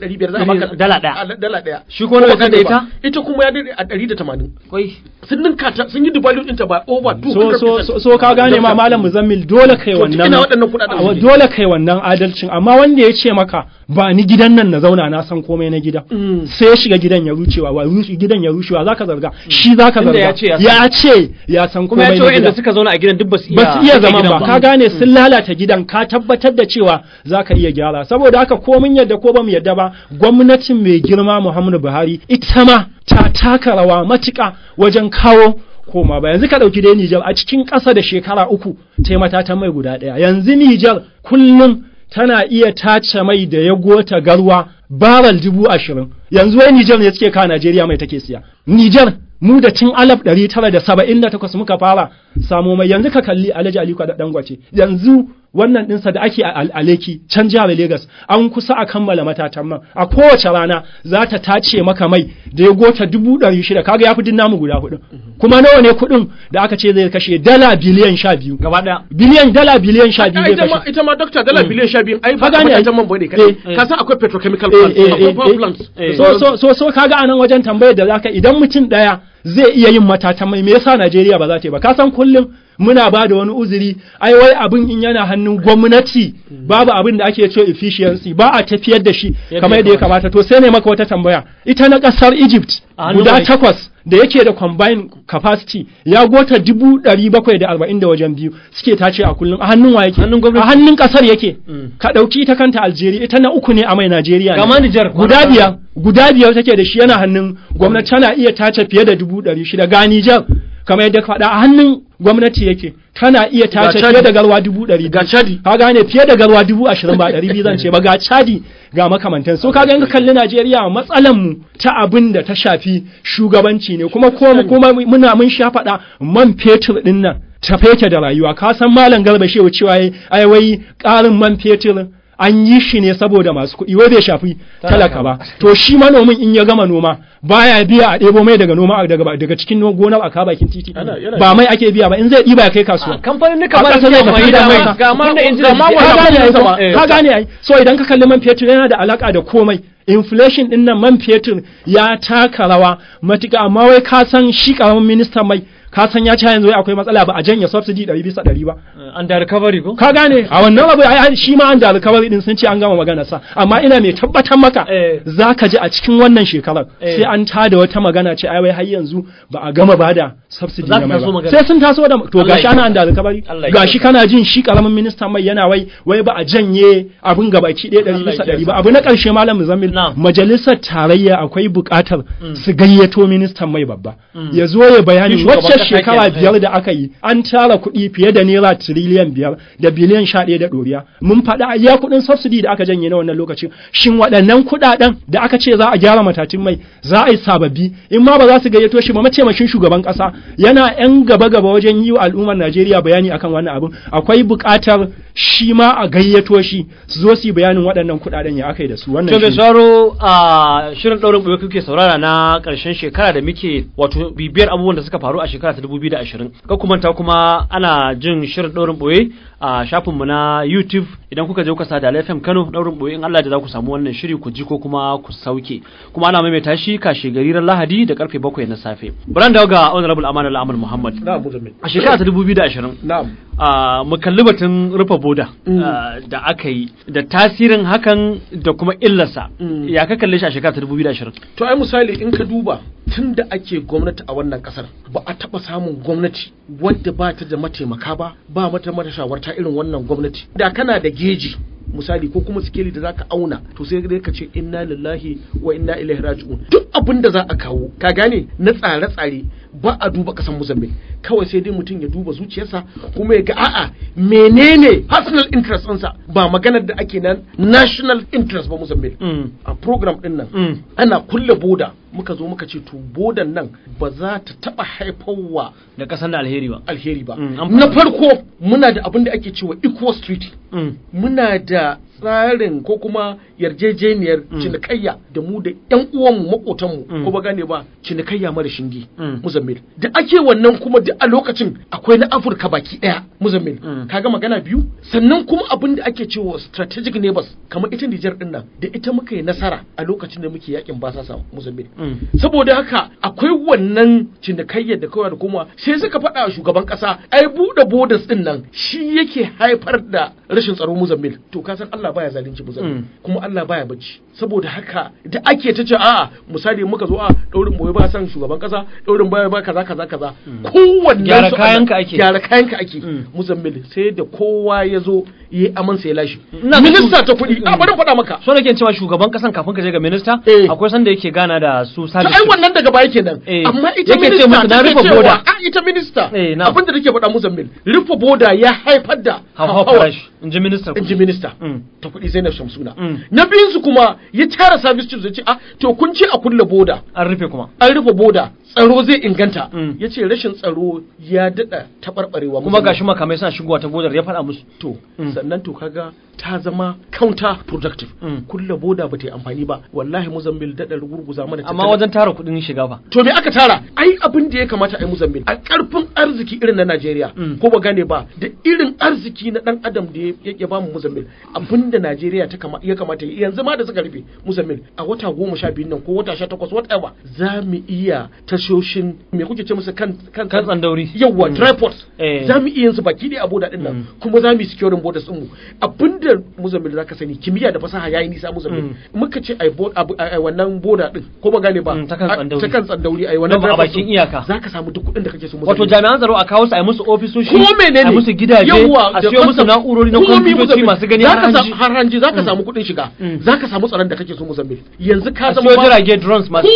ɗari biyar za a dala ɗaya dala ɗaya shi ko nawa da ita ita kuma ya daɗe a ɗari da tamanin kai sun ninka ta sun yi devalue ɗinta ba over two so so so ka gane ma malam muzammil dole kai wannan ina waɗannan kuɗaɗen dole kai wannan adalcin amma wanda ya ce maka ba ni gidan nan na zauna na san komai na gida mm. sai ya shiga gidan ya rushewa wa gidan ya rushewa zaka zarga mm. shi zaka zarga ya ce ya san komai na gida kuma ya ce wanda suka zauna a gidan duk ba su iya zaman ba ka gane mm. sun lalata gidan ka tabbatar da cewa zaka iya gyara saboda haka ko mun yadda ko bamu yadda ba gwamnatin mai girma Muhammadu Buhari ita ma ta taka rawa matuƙa wajen kawo koma ba yanzu ka ɗauki dai Nijar a cikin ƙasa da shekara uku taimata ta mai guda ɗaya yanzu Nijar kullum tana iya tace mai da ya gota garwa baral dubu ashirin yanzu wai Nijar ne suke ka Najeriya mai take siya Nijar mu da tun alaf ɗari tara da saba'in da takwas muka fara samo mai yanzu ka kalli Alhaji Aliko da Dangote yanzu wannan ɗinsa da ake a Leki can jihar Legas an kusa a kammala matatan man a kowace rana za ta tace maka mai da ya gota dubu ɗari shida kaga ya fi din namu guda hudu kuma nawa ne kuɗin da aka ce zai kashe dala biliyan sha biyu gaba ɗaya biliyan dala biliyan sha biyu zai kashe ita ma dokta dala mm. biliyan sha biyu ai ba matatan man bane kai eh, eh. ka san akwai petrochemical eh, plants akwai power plants so so so kaga anan wajen tambayar da zaka idan mutum ɗaya zai iya yin matata mai me yasa Najeriya ba za ta yi ba ka san kullum muna ba da wani uzuri ai wai abin in yana hannun gwamnati babu abin da ake cewa efficiency ba a tafiyar da shi kamar yadda ya kamata to sai ne maka wata tambaya ita na kasar Egypt guda takwas da yake da combined capacity ya gota dubu ɗari bakwai da arba'in da wajen biyu suke tace a kullum a hannun wa yake a hannun ƙasar yake mm. ka ɗauki ita kanta aljeri ita na uku ne a mai Najeriya ne guda biyar guda biyar take da shi yana hannun gwamnati tana iya tace fiye da dubu ɗari shida ga Nijar kamar yadda faɗa a hannun gwamnati yake tana iya tace fiye da garwa dubu ɗari ga chadi ka gane fiye da garwa dubu ashirin ba ɗari biyu zan ce ba ga chadi ga makamantan so kaga in ka kalli najeriya matsalan mu ta abin da ta shafi shugabanci ne kuma kuma muna mun sha faɗa man fetur ɗin nan fete da rayuwa ka san malam garba shehu cewa ai wai ƙarin man fetur an yi shi ne saboda masu kuɗi wai bai shafi talaka ba to shi manomin in ya gama noma baya biya a ɗebo mai daga noma daga daga cikin gonar a bakin titi ba mai ake biya ba in zai ɗiba ya kai kasuwa kamfanin kamar ba zai tafi da mai ka gane ai so idan ka kalli man fetur yana da alaka da komai inflation din nan man fetur ya taka rawa matuƙa amma wai ka san shi ƙaramin ministan mai ka san ya ci yanzu akwai matsala ba a janye subsidy 100 bisa 100 ba an eh, da recovery ko ka gane a wannan abu shi ma an da recovery din sun ce an gama magana sa amma ina mai tabbatar maka eh. Za ka ji a cikin wannan shekarar eh. sai an tada wata magana ce ai wai har yanzu ba a gama ba da subsidy na mai ba sai sun taso da to gashi ana an da recovery gashi kana jin shi karamin minista mai yana wai wai ba a janye abin gabaki ɗaya ɗari bisa ɗari ba abu na ƙarshe malam muzammil majalisar tarayya akwai buƙatar mm. su gayyato ministan mai babba mm. ya zo ya bayani wacce shekara biyar da aka yi an tara kuɗi fiye da naira tiriliyan biyar da biliyan sha ɗaya da ɗoriya mun faɗa ya kuɗin subsidy da aka janye na wannan lokacin shin waɗannan kuɗaɗen da aka ce za a gyara matatun mai za a yi sababbi in ma ba za su gayyato shi ba mataimakin shugaban ƙasa yana yan gaba gaba wajen yi wa al'ummar Najeriya bayani akan wannan abin akwai buƙatar shi ma a gayyato shi su zo su yi bayanin waɗannan kuɗaɗen ya aka yi da su wannan shi. Sauro a shirin ɗaurin ɓoye kuke saurara na ƙarshen shekara da muke wato bibiyar abubuwan da suka faru a shekara shekara ta 2020 ka kuma ta kuma ana jin shirin ɗaurin ɓoye a shafinmu na youtube idan kuka je kuka sa da fm kano ɗaurin ɓoye in allah da za ku samu wannan shiri ku ji ko kuma ku sauke kuma ana maimaita shi ka gari ran lahadi da karfe bakwai na safe buran dawo ga honorable amana al'amal muhammad a shekara ta 2020 mu kalli batun rufe boda mm. da aka yi da tasirin hakan da kuma illarsa mm. ya ka kalle shi a shekara ta 2020 to ai misali in ka duba tun da ake gwamnati a wannan kasar ba a taɓa samun gwamnati wadda ba ta da mataimaka ba ba mata mata shawarta irin wannan gwamnati da kana da geji misali ko kuma sikeli da zaka auna to sai dai ka ce inna lillahi wa inna ilaihi raji'un duk abin da za a kawo ka gane na tsare-tsare ba a duba kasan Mozambique kawai sai dai mutum ya duba zuciyarsa kuma ya ga a'a menene personal interest ɗinsa ba maganar da ake nan national interest ba Mozambique mm. a program ɗin nan mm. ana kulle boda muka zo muka ce to bodan nan ba za ta taba haifarwa da kasan da alheri ba alheri ba mm. na farko muna da abin da ake cewa equal street muna da tsarin ko kuma yarjejeniyar mm. cinikayya da mu da yan uwanmu makotanmu mm. ko ba gane ba cinikayya mara shinge mm. muzammil da ake wannan kuma duk a lokacin akwai na afirka baki daya muzammil kaga magana biyu sannan kuma abin da ake cewa strategic neighbors kamar ita Nijar din nan da ita muka yi nasara a lokacin da muke yakin basasa muzammil saboda haka akwai wannan cinikayyar da kawai da kuma sai suka faɗa shugaban ƙasa ai buɗe borders din nan shi yake haifar da rashin tsaro muzammil to ka san Allah baya zalunci zalunci mm. kuma Allah baya bacci saboda haka da ake ta ce a'a misali muka zo a daurin boye ba san shugaban kasa daurin boye ba kaza kaza kaza mm. kowanne gyara kayan ka ake gyara kayan ka ake mm. muzammil sai da kowa ya zo yi aman sai lashi minista ta kudi a bari faɗa maka so nake cewa shugaban kasan kafin ka je ga minista eh. akwai sanda yake gana da su sabi ai wannan daga baya kenan eh. amma ita minista na rufe boda a ita minista eh, abin da nake faɗa muzammil rufe boda ya haifar da hawa farashi in ji minista in ji minista mm. ta kuɗi Zainab Shamsuna na biyun su kuma ya tara service chiefs zai ce a ah, to kun ce a kulle boda an rufe kuma an rufe boda tsaro zai inganta mm. ya ce rashin tsaro ya daɗa taɓarɓarewa kuma shi makamai suna shigowa ta bodar ya faɗa musu to mm. sannan to kaga ta zama counter productive mm. kulla boda ba ta yi amfani ba wallahi muzambil daɗa rugurguza mana amma wajen tara kuɗin shiga ba to me aka tara ai abin da ya kamata ai muzambil a ƙarfin arziki irin na Najeriya ko ba gane ba da irin arziki na dan adam da ya ba mu muzambil abin da Najeriya ta ya kamata yanzu ma da suka rufe muzambil a wata goma sha biyu nan ko wata sha takwas whatever za mu iya ta tashoshin me kuke ce musu kan kan dauri yawa mm. tripods eh. za mu iya su baki ɗaya a boda ɗin nan mm. kuma za mu yi securing borders mu. abinda muzambil za sani kimiyya da fasaha ya yi nisa muzambil mm. muka ce a wannan boda din ko ba gane ba ta kan tsandauri a wannan a bakin iyaka za ka samu duk kudin da kake so wato jami'an tsaro a kawo su a musu ofisoshi ko menene a musu gidaje a siyo musu na'urori na kwamfutoci masu gani zaka samu za ka samu kuɗin shiga za ka samu tsaron da kake so muzambil yanzu ka zama jirage drones masu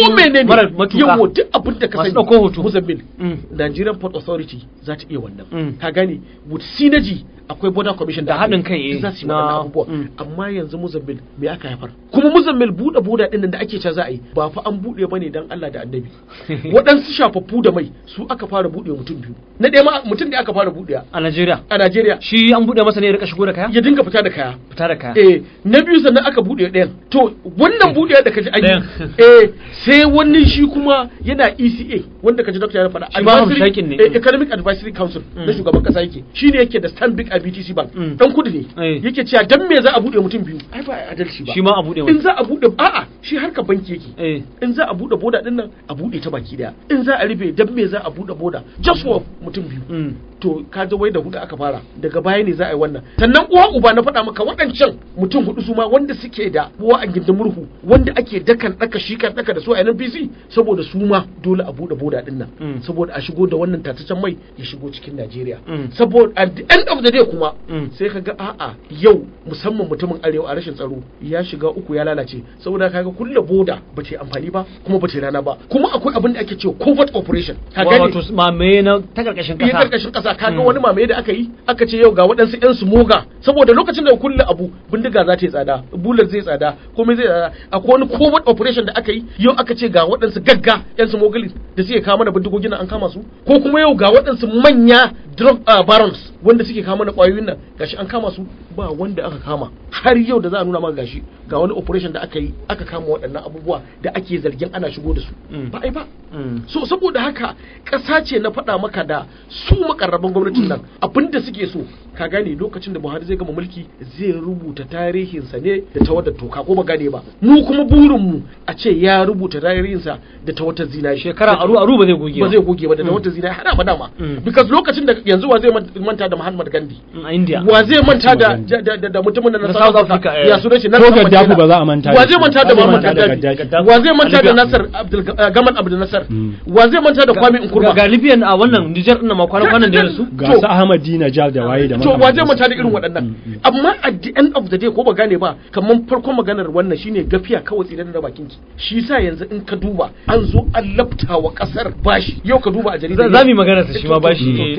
mara matuka yawa duk abin wanda ka sani Mozambique mm. Nigerian Port Authority za ta iya wannan mm. ka gani with synergy akwai border commission da haɗin kai za su yi eh. abubuwa mm. amma yanzu Mozambique me aka haifar kuma Mozambique buɗe boda ɗin da ake ce za a yi ba fa an buɗe ba ne dan Allah da annabi waɗansu shafaffu da mai su aka fara buɗe mutum biyu na ɗaya ma mutum da aka fara buɗe a Nigeria a Najeriya shi an buɗe masa ne ya rika shigo da kaya ya dinga fita da kaya fita da kaya eh na biyu sannan aka buɗe ɗayan to wannan buɗe da kaji an yi eh sai wani shi kuma yana iya ECA wanda kaji doctor ya faɗa advisory economic eh, advisory council mm. na shugaban kasa yake shine yake da stand big a BTC bank mm. dan kudu ne eh. yake cewa dan me za a bude mutum biyu ai ba adalci ba shi ma a bude in za a bude a'a shi harka banki yake eh. in za a bude boda din nan a bude ta baki daya in za a rufe dan me za a bude boda just for mutum biyu mm. to ka ji wai da hudu aka fara daga baya ne za a yi wannan sannan uwa uba na faɗa maka waɗancan mutum hudu su ma wanda suke da uwa a gindin murhu wanda ake dakan daka shi kan daka da su a NPC saboda su ma dole a bude boda din nan mm. saboda a shigo da wannan tataccen mai ya shigo cikin Najeriya mm. saboda at the end of the day kuma mm. sai kaga a'a yau musamman mutumin arewa a rashin tsaro ya shiga uku ya lalace saboda kaga kulle boda ba ce amfani ba kuma ba ce rana ba kuma akwai abin da ake cewa covert operation ka gani wato mamaye na ta karkashin kasa eh, ta karkashin kasa kaga wani mamaye da aka yi aka ce yau ga waɗansu yan su moga saboda lokacin da kulle abu bindiga za ta yi tsada bullet zai tsada komai zai tsada akwai wani covert operation da aka yi yau aka ce ga waɗansu gagga yan su mogal da suke kawo mana bindigogin an kama su ko kuma yau ga waɗansu manya drug ah, barons wanda suke kama na ƙwayoyin nan gashi an kama su ba wanda aka kama har yau da za a nuna maka gashi ga wani operation da aka yi aka kama waɗannan abubuwa da ake zargin ana shigo da su mm. ba ai ba mm. so saboda haka ƙasa ce na faɗa maka da su makarraban gwamnatin nan abinda suke so ka gane lokacin da Buhari zai gama mulki zai rubuta tarihinsa ne da ta wadda toka ko ba gane ba mu kuma burin mu a ce ya rubuta tarihinsa da ta wata zina shekara aru aru ba zai goge ba zai goge ba da ta mm. wata zina har abada ma because lokacin da yanzu wa zai manta da da Muhammad Gandhi a India wa zai manta da da mutumin da na South Africa eh. ya sunan shi Nasser Gaddafi ba za a manta wa zai manta da Muhammad Gandhi. wa zai manta da Nasser Abdul eh, Gamal Abdul Nasser hmm. wa zai manta da Kwame Nkrumah ga Libyan a wannan Niger din ma kwana kwanan da su ga su Jal da waye da to wa zai manta da irin hmm. waɗannan hmm. amma at the end of the day ko ba gane ba kaman farkon maganar wannan shine gafiya kawai tsidan da bakin ki shi yasa yanzu in ka duba an zo an labtawa kasar bashi yau ka duba a jarida za mu magana ta shi ma bashi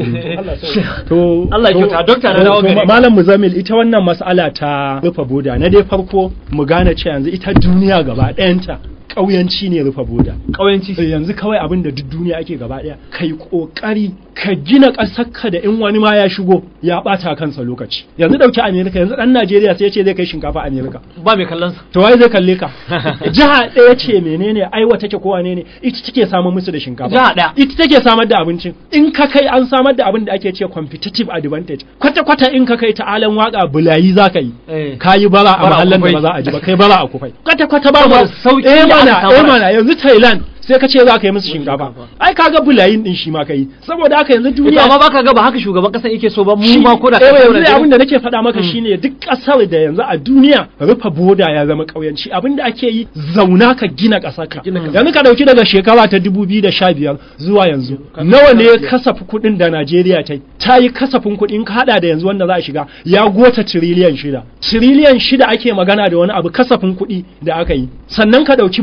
to Allah ya kyauta dokta na dawo gare malam Muzamil ita wannan mas'ala ta rufe boda na dai farko mu gane cewa yanzu ita duniya gaba ɗayanta ƙauyanci ne rufe boda ƙauyanci eh, yanzu kawai abin da duk duniya ake gaba ɗaya kai ƙoƙari ka gina ƙasarka da in wani ma ya shigo ya ɓata kansa lokaci yanzu ɗauki amerika yanzu ɗan najeriya sai ce zai kai shinkafa amerika ba mai kallon sa to wai zai kalle ka jiha ɗaya ce menene aiwa ke ko wane ne ita take samar musu da shinkafa jiha ɗaya ita take samar da abincin in ka kai an samar da abin da ake ce competitive advantage kwata kwata in ka kai ta alan waka bulayi za ka yi eh. ka yi bara a mahallan da ba za a ji ba kai bara a kufai kwata kwata ba sauki eh, امانه امانه يوم تايلاند sai ka ce za ka yi musu shinkafa ai kaga bulayin din shi ma kai saboda haka yanzu duniya amma baka ga ba haka shugaban kasa yake so ba mu ma ko da kai eh, yanzu abin da nake faɗa maka hmm. shine duk kasar da yanzu a duniya rufe boda ya zama kauyanci abin da ake yi zauna ka gina kasa ka yanzu ka dauki daga shekara ta 2015 zuwa yanzu nawa ne kasafin kuɗin da Najeriya ta yi ta yi kasafin kuɗin ka hada da yanzu wanda za a shiga ya gota tiriliyan shida tiriliyan shida ake magana da wani abu kasafin kuɗi da aka yi sannan ka dauki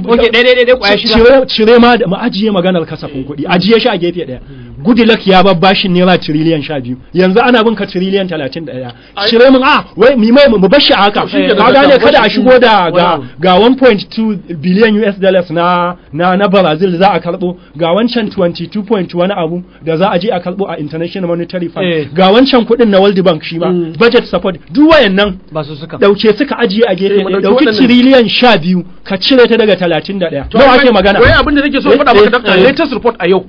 ma ajiye maganar kasafin kuɗi ajiye shi a gefe ɗaya Goodluck ya ba bashin naira trillion sha biyu yanzu ana bin ka trillion talatin ɗaya cire mun a ah, wai mi mai mu bashi haka ka gane kada a shigo da ga 1.2 billion US dollars na na na Brazil za a karbo ga wancan 22.1 wani abu da za a je a karbo a International Monetary Fund eh. ga wancan kuɗin na World Bank shi ma hmm. budget support duk wayannan ba su suka dauke suka ajiye a eh, gefe dauki trillion sha biyu ka cire ta daga talatin da ɗaya nawa ake magana wai abin da nake so faɗa maka eh, doctor latest report a yau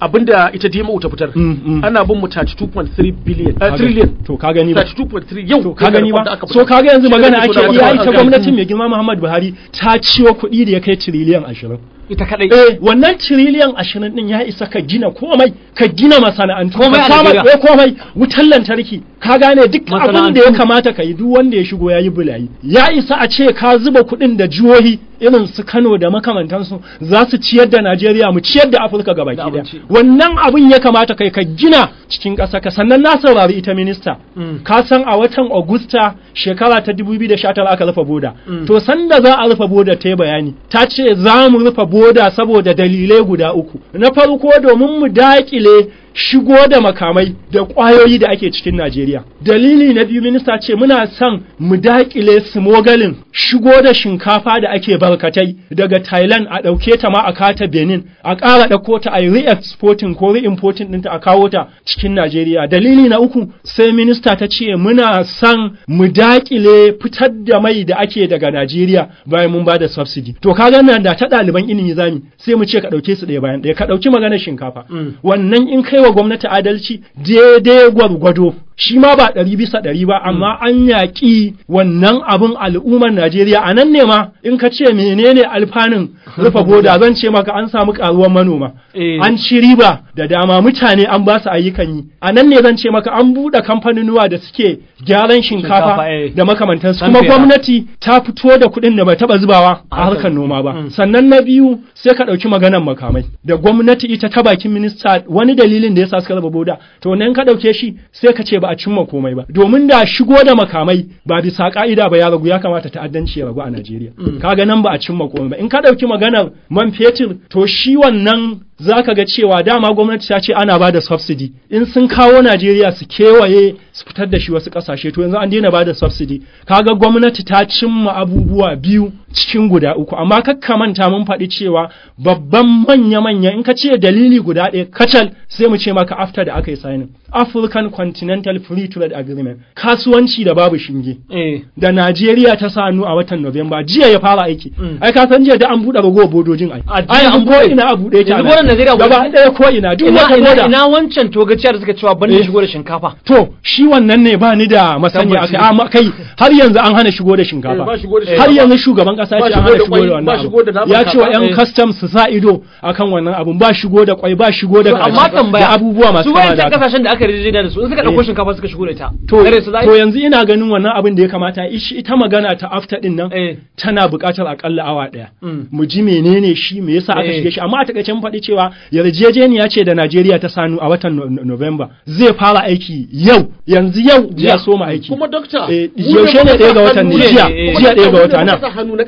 abinda ita DMO ta fitar mm, mm. ana bin mu 32.3 billion uh, trillion to ka gani ba 32.3 yau to ka gani ba so ka ga yanzu magana ake iya ita gwamnatin mai girma Muhammadu Buhari ta ciwo kuɗi da ya kai trillion 20 ita kadai eh wannan trillion ashirin din ya isa ka gina komai ka gina masana'antu komai komai eh, komai wutar lantarki ka gane duk abin da ya kamata ka yi duk wanda ya shigo yayi bulayi ya isa a ce ka zuba kuɗin da jihohi irin su Kano da makamantansu za su ciyar da Najeriya mu ciyar da Afirka gaba ɗaya wannan abun ya kamata kai ka gina cikin ƙasa ka sannan na saurari ita minista mm. ka san a watan Agusta shekara ta 2019 aka rufe boda mm. to sanda za a rufe boda ta yi bayani ta ce za mu rufe boda saboda dalilai guda uku na farko domin mu daƙile shigo da makamai da ƙwayoyi da ake cikin Najeriya. Dalili na biyu minista ce muna son mu daƙile simogalin shigo da shinkafa da ake barkatai daga Thailand a ɗauke ta ma a kata Benin a ƙara ɗauko ta a yi re-exporting ko re-importing ɗinta a kawo ta cikin Najeriya. Dalili na uku sai minista ta ce muna son mu daƙile fitar da mai da ake daga Najeriya bayan mun ba da subsidy. To ka nan da ta ɗaliban ilimi zami sai mu ce ka ɗauke su ɗaya bayan ɗaya ka ɗauki maganar shinkafa. Mm. Wannan in kai wa gwamnati adalci daidai gwargwado shi ma ba ɗari bisa ɗari ba amma hmm. an yaƙi wannan abin al'ummar Najeriya a nan ne ma in ka ce menene alfanun rufe boda zan ce maka an samu karuwar manoma eh. an ci riba da dama mutane an ba su ayyukan yi a nan ne zan ce maka an buɗe kamfaninuwa da suke gyaran shinkafa eh. da makamantansu kuma gwamnati ta fito da kuɗin da ba taɓa zubawa a harkar noma ba hmm. sannan na biyu sai ka ɗauki maganar makamai da gwamnati ita ta bakin minista wani dalilin da ya sa suka raba boda to nan ka ɗauke shi sai ka ce ba a cimma komai ba domin da shigo da makamai ba bisa ka'ida ba ya ragu ya kamata ta'addanci ya ragu a Najeriya mm. kaga nan ba a cimma komai ba in ka dauki maganar man fetur to shi wannan za ka ga cewa dama gwamnati ta ce ana bada subsidy in sun kawo Najeriya su kewaye su fitar da shi wasu kasashe to yanzu an daina bada subsidy kaga gwamnati ta cimma abubuwa biyu cikin guda uku amma kakka manta mun faɗi cewa babban manya-manya in ka ce dalili guda ɗaya kacal sai mu ce maka after da aka yi sainin African Continental Free Trade Agreement kasuwanci da babu shinge eh. da Najeriya ta sanu a watan Nuwamba jiya ya fara aiki mm. ai ka san jiya da an buɗe rago bodojin ai ai an ko ina a buɗe ta yanzu gaba ɗaya ko ina duk wata ina ina wancan da suka cewa ban eh. shigo da shinkafa to shi wannan ne ba ni da masani a kai har yanzu an hana shigo da shinkafa eh, har yanzu shugaban kasa ce an shigo da wannan abu ya ce wa yan eh. customs su sa ido akan wannan abun ba shigo da kwai ba shigo da kashi da abubuwa masu kama da kasashen da aka rijina da su in suka dauko eh. shinkafa suka shigo da ita to yanzu ina ganin wannan abin da ya kamata ita magana ta after din nan eh. tana buƙatar akalla awa daya mm. mu ji menene shi me yasa aka shige shi amma a takaice mun faɗi cewa yarjejeniya ce da Najeriya ta sanu a watan November zai fara aiki yau yanzu yau ya soma aiki kuma doctor yaushe ne ɗaya ga watan ne jiya jiya ɗaya ga watan na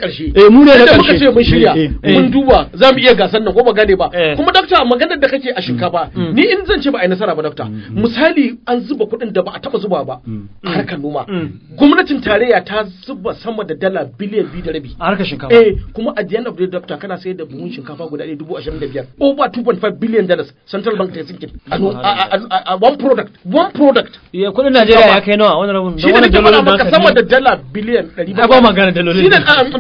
ƙarshe eh mu ne na ƙarshe muka ce mun shirya eh, eh. mun duba za mu iya gasar nan ko ba gane ba eh. kuma dakta maganar da kake a mm. shinkafa mm. ni in zan ce ba a yi nasara ba dakta mm. misali an zuba kuɗin da ba a taba zuba ba a harkar noma gwamnatin tarayya ta zuba sama da dala biliyan biyu da rabi a harkar shinkafa eh kuma a the end of the dakta kana sayar da buhun shinkafa guda ɗaya dubu ashirin da biyar over two point five billion dollars central bank ta yi sinkin a one product one product ya kuɗin najeriya ya kai nawa wani rabin da wani dalolin ba ka sama da dala biliyan ɗari ba ba magana dalolin shi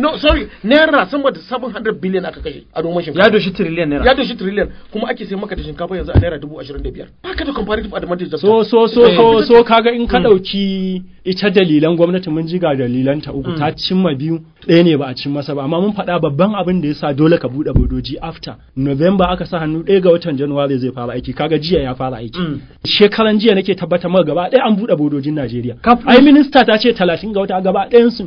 ne um, Oh, sorry naira sama da 700 billion aka kashe a noman shinkafa ya doshi trillion naira ya doshi trillion kuma ake sai maka da shinkafa yanzu a naira 25,000 baka da comparative advantage da so so so so eh. kaga in ka dauki hmm. ita dalilan gwamnati mun ji ga dalilan ta uku ta mm. cimma biyu ɗaya ne ba a cimma sa ba amma mun faɗa babban abin da yasa dole ka buɗe bodoji after November aka sa hannu ɗaya ga watan January zai fara aiki kaga jiya ya fara aiki mm. shekaran jiya nake tabbatar maka gaba ɗaya an buɗe bodojin Najeriya ai minista ta ce 30 ga wata gaba ɗayan su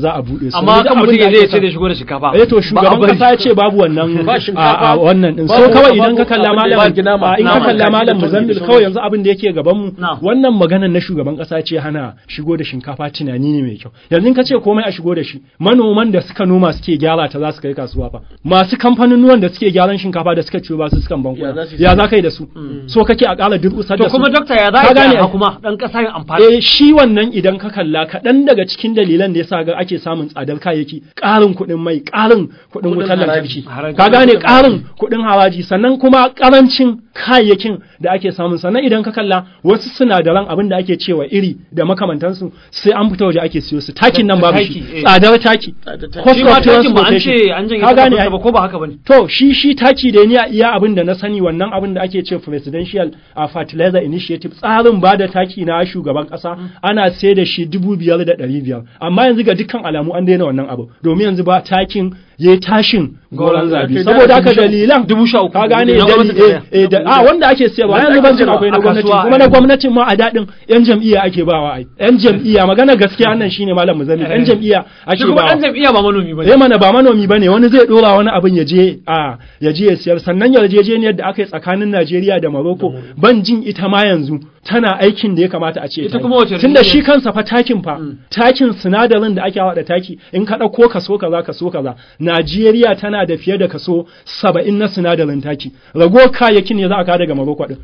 za a buɗe su amma kan mutum zai ce da shigo da shinkafa eh to shugaban kasa ya ce babu wannan a wannan din so kawai idan ka kalla malam in ka kalla malam Muzammil kawai yanzu abin da yake gaban mu wannan maganar na shugaban kasa ce hana shigo da shinkafa tunani ne mai kyau yanzu ka ce komai a shigo da shi manoman da suka noma suke gyara ta za su kai kasuwa fa masu kamfanin da suke gyaran shinkafa da suka ciwo ba su sukan bankuna ya za kai da su hmm. so kake a ƙara durƙusa da su to kuma dokta ya za ka kuma dan kasa yin amfani eh shi wannan idan ka kalla kaɗan daga cikin dalilan da yasa ga ake samun tsadar kayayyaki karin kuɗin mai ƙarin kuɗin wutar lantarki ka gane karin kuɗin haraji sannan kuma karancin kayayyakin da ake samun sannan idan ka kalla wasu sinadaran abin da ake cewa iri da makamantansu sai an fita waje ake siyo su takin nan babu shi eh. tsadar taki ce an transportation ka gane ko ba haka bane to shi shi taki da ni iya abin da na sani wannan abin da ake ce presidential uh, fertilizer initiative tsarin ba da taki na shugaban kasa mm. ana sai da shi dubu biyar da ɗari biyar amma yanzu ga dukkan alamu an daina wannan abu domin yanzu ba takin ya tashin goron zabi saboda haka dalilan dubu sha uku ka ne a eh, eh, ah, wanda ake ba yanzu ban jin akwai na gwamnati kuma na gwamnatin ma a dadin yan jam'iyya ake bawa ai yan jam'iyya magana gaskiya nan shine malam muzami yan eh. jam'iyya ake bawa kuma yan jam'iyya ba manomi bane eh mana ba manomi bane wani zai dora wani abin ya je a ya je ya siyar sannan yarjejeniyar da aka yi tsakanin Najeriya da Morocco ban jin ita ma yanzu tana aikin da ya kamata a ce ta kuma wace tunda shi kansa fa takin fa mm. takin sinadarin da ake da taki in ka ɗauko kaso kaza kaso kaza Najeriya tana da fiye da kaso saba'in na sinadarin taki rago kayayyakin ne za a kawo daga Maroko din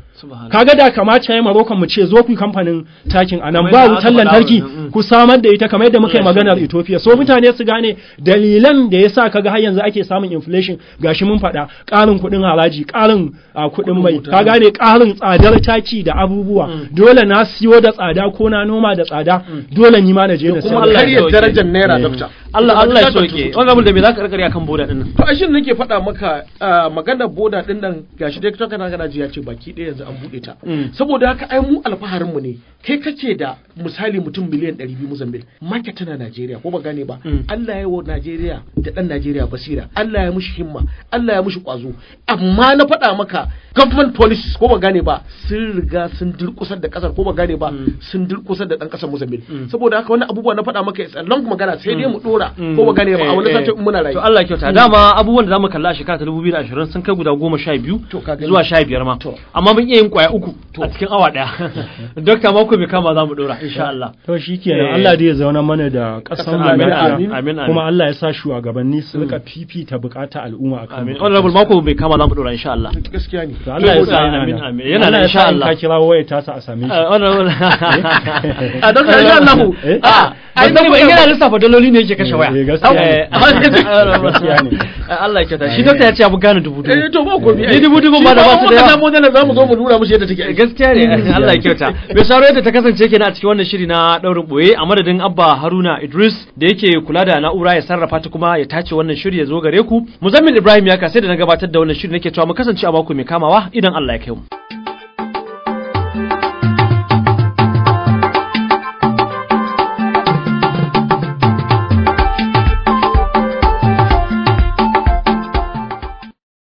kaga da kamata yayi Maroko mu ce zo ku kamfanin takin nan ba wutar lantarki mm. ku samar da ita kamar yadda muka yi maganar Ethiopia so mm. mutane su gane dalilan da yasa kaga har yanzu ake samun inflation gashi mun faɗa ƙarin kuɗin haraji ƙarin ah, kuɗin mai ka gane ƙarin tsadar taki da abubuwa dole na siyo da tsada ko na noma da tsada mm. dole ni ma na je na siyo kuma karya darajar eh. naira doctor Allah Allah ya soke wani abu da me ka karkare akan boda din nan to ashin nake faɗa maka maganar boda din nan gashi dai TikTok na gana ji ya ce baki ɗaya yanzu an bude ta mm. saboda haka ai mu alfaharin mu ne kai kake da misali mutum miliyan 200 Mozambique maka tana Najeriya ko ba gane ba mm. Allah ya wa Najeriya da dan Najeriya basira Allah ya mushi himma Allah ya mushi kwazo amma na faɗa maka government policies ko ba gane ba sun riga sun durkusar da kasar ko ba gane ba mm. sun durkusar da dan kasar Mozambique saboda haka wani abubuwa na faɗa maka is a long magana sai dai mu dora mana mm. ko ba gane ba a eh, wani eh. sace muna rayu to Allah kyauta dama abubuwan da zamu kalla a shekara ta 2020 sun kai guda 12 zuwa 15 ma amma mun iya yin kwaya uku a cikin awa daya dokta mako bai kama zamu dora insha Allah to shikenan eh. Allah dai ya zauna mana da kasan mu amin amin kuma Allah ya sa shugabanni su rika mm. fifita bukata al'umma akan amin honorable mako bai kama zamu dora insha Allah gaskiya ne to Allah ya sa amin amin yana da insha Allah ka kira waye ta sa a same shi honorable a ah, don Allah mu. a ah, ai ba ina lissafa daloli ne yake kashe kashe eh, ne Allah ya kyauta eh. shi dokta ya ce abu gane dubu dubu eh, to ba ko bi ni dubu dubu ba da ba su da yawa mu da zamu zo mu nuna mushi yadda take gaskiya ne hmm. Allah ya kyauta me saro yadda ta kasance kenan a cikin wannan shiri na daurin boye a madadin Abba Haruna Idris da yake kula da na'ura ya sarrafa ta kuma ya tace wannan shiri ya zo gare ku Muzammil Ibrahim ya kasai da na gabatar da wannan shiri nake cewa mu kasance a mako mai kamawa idan Allah ya kai mu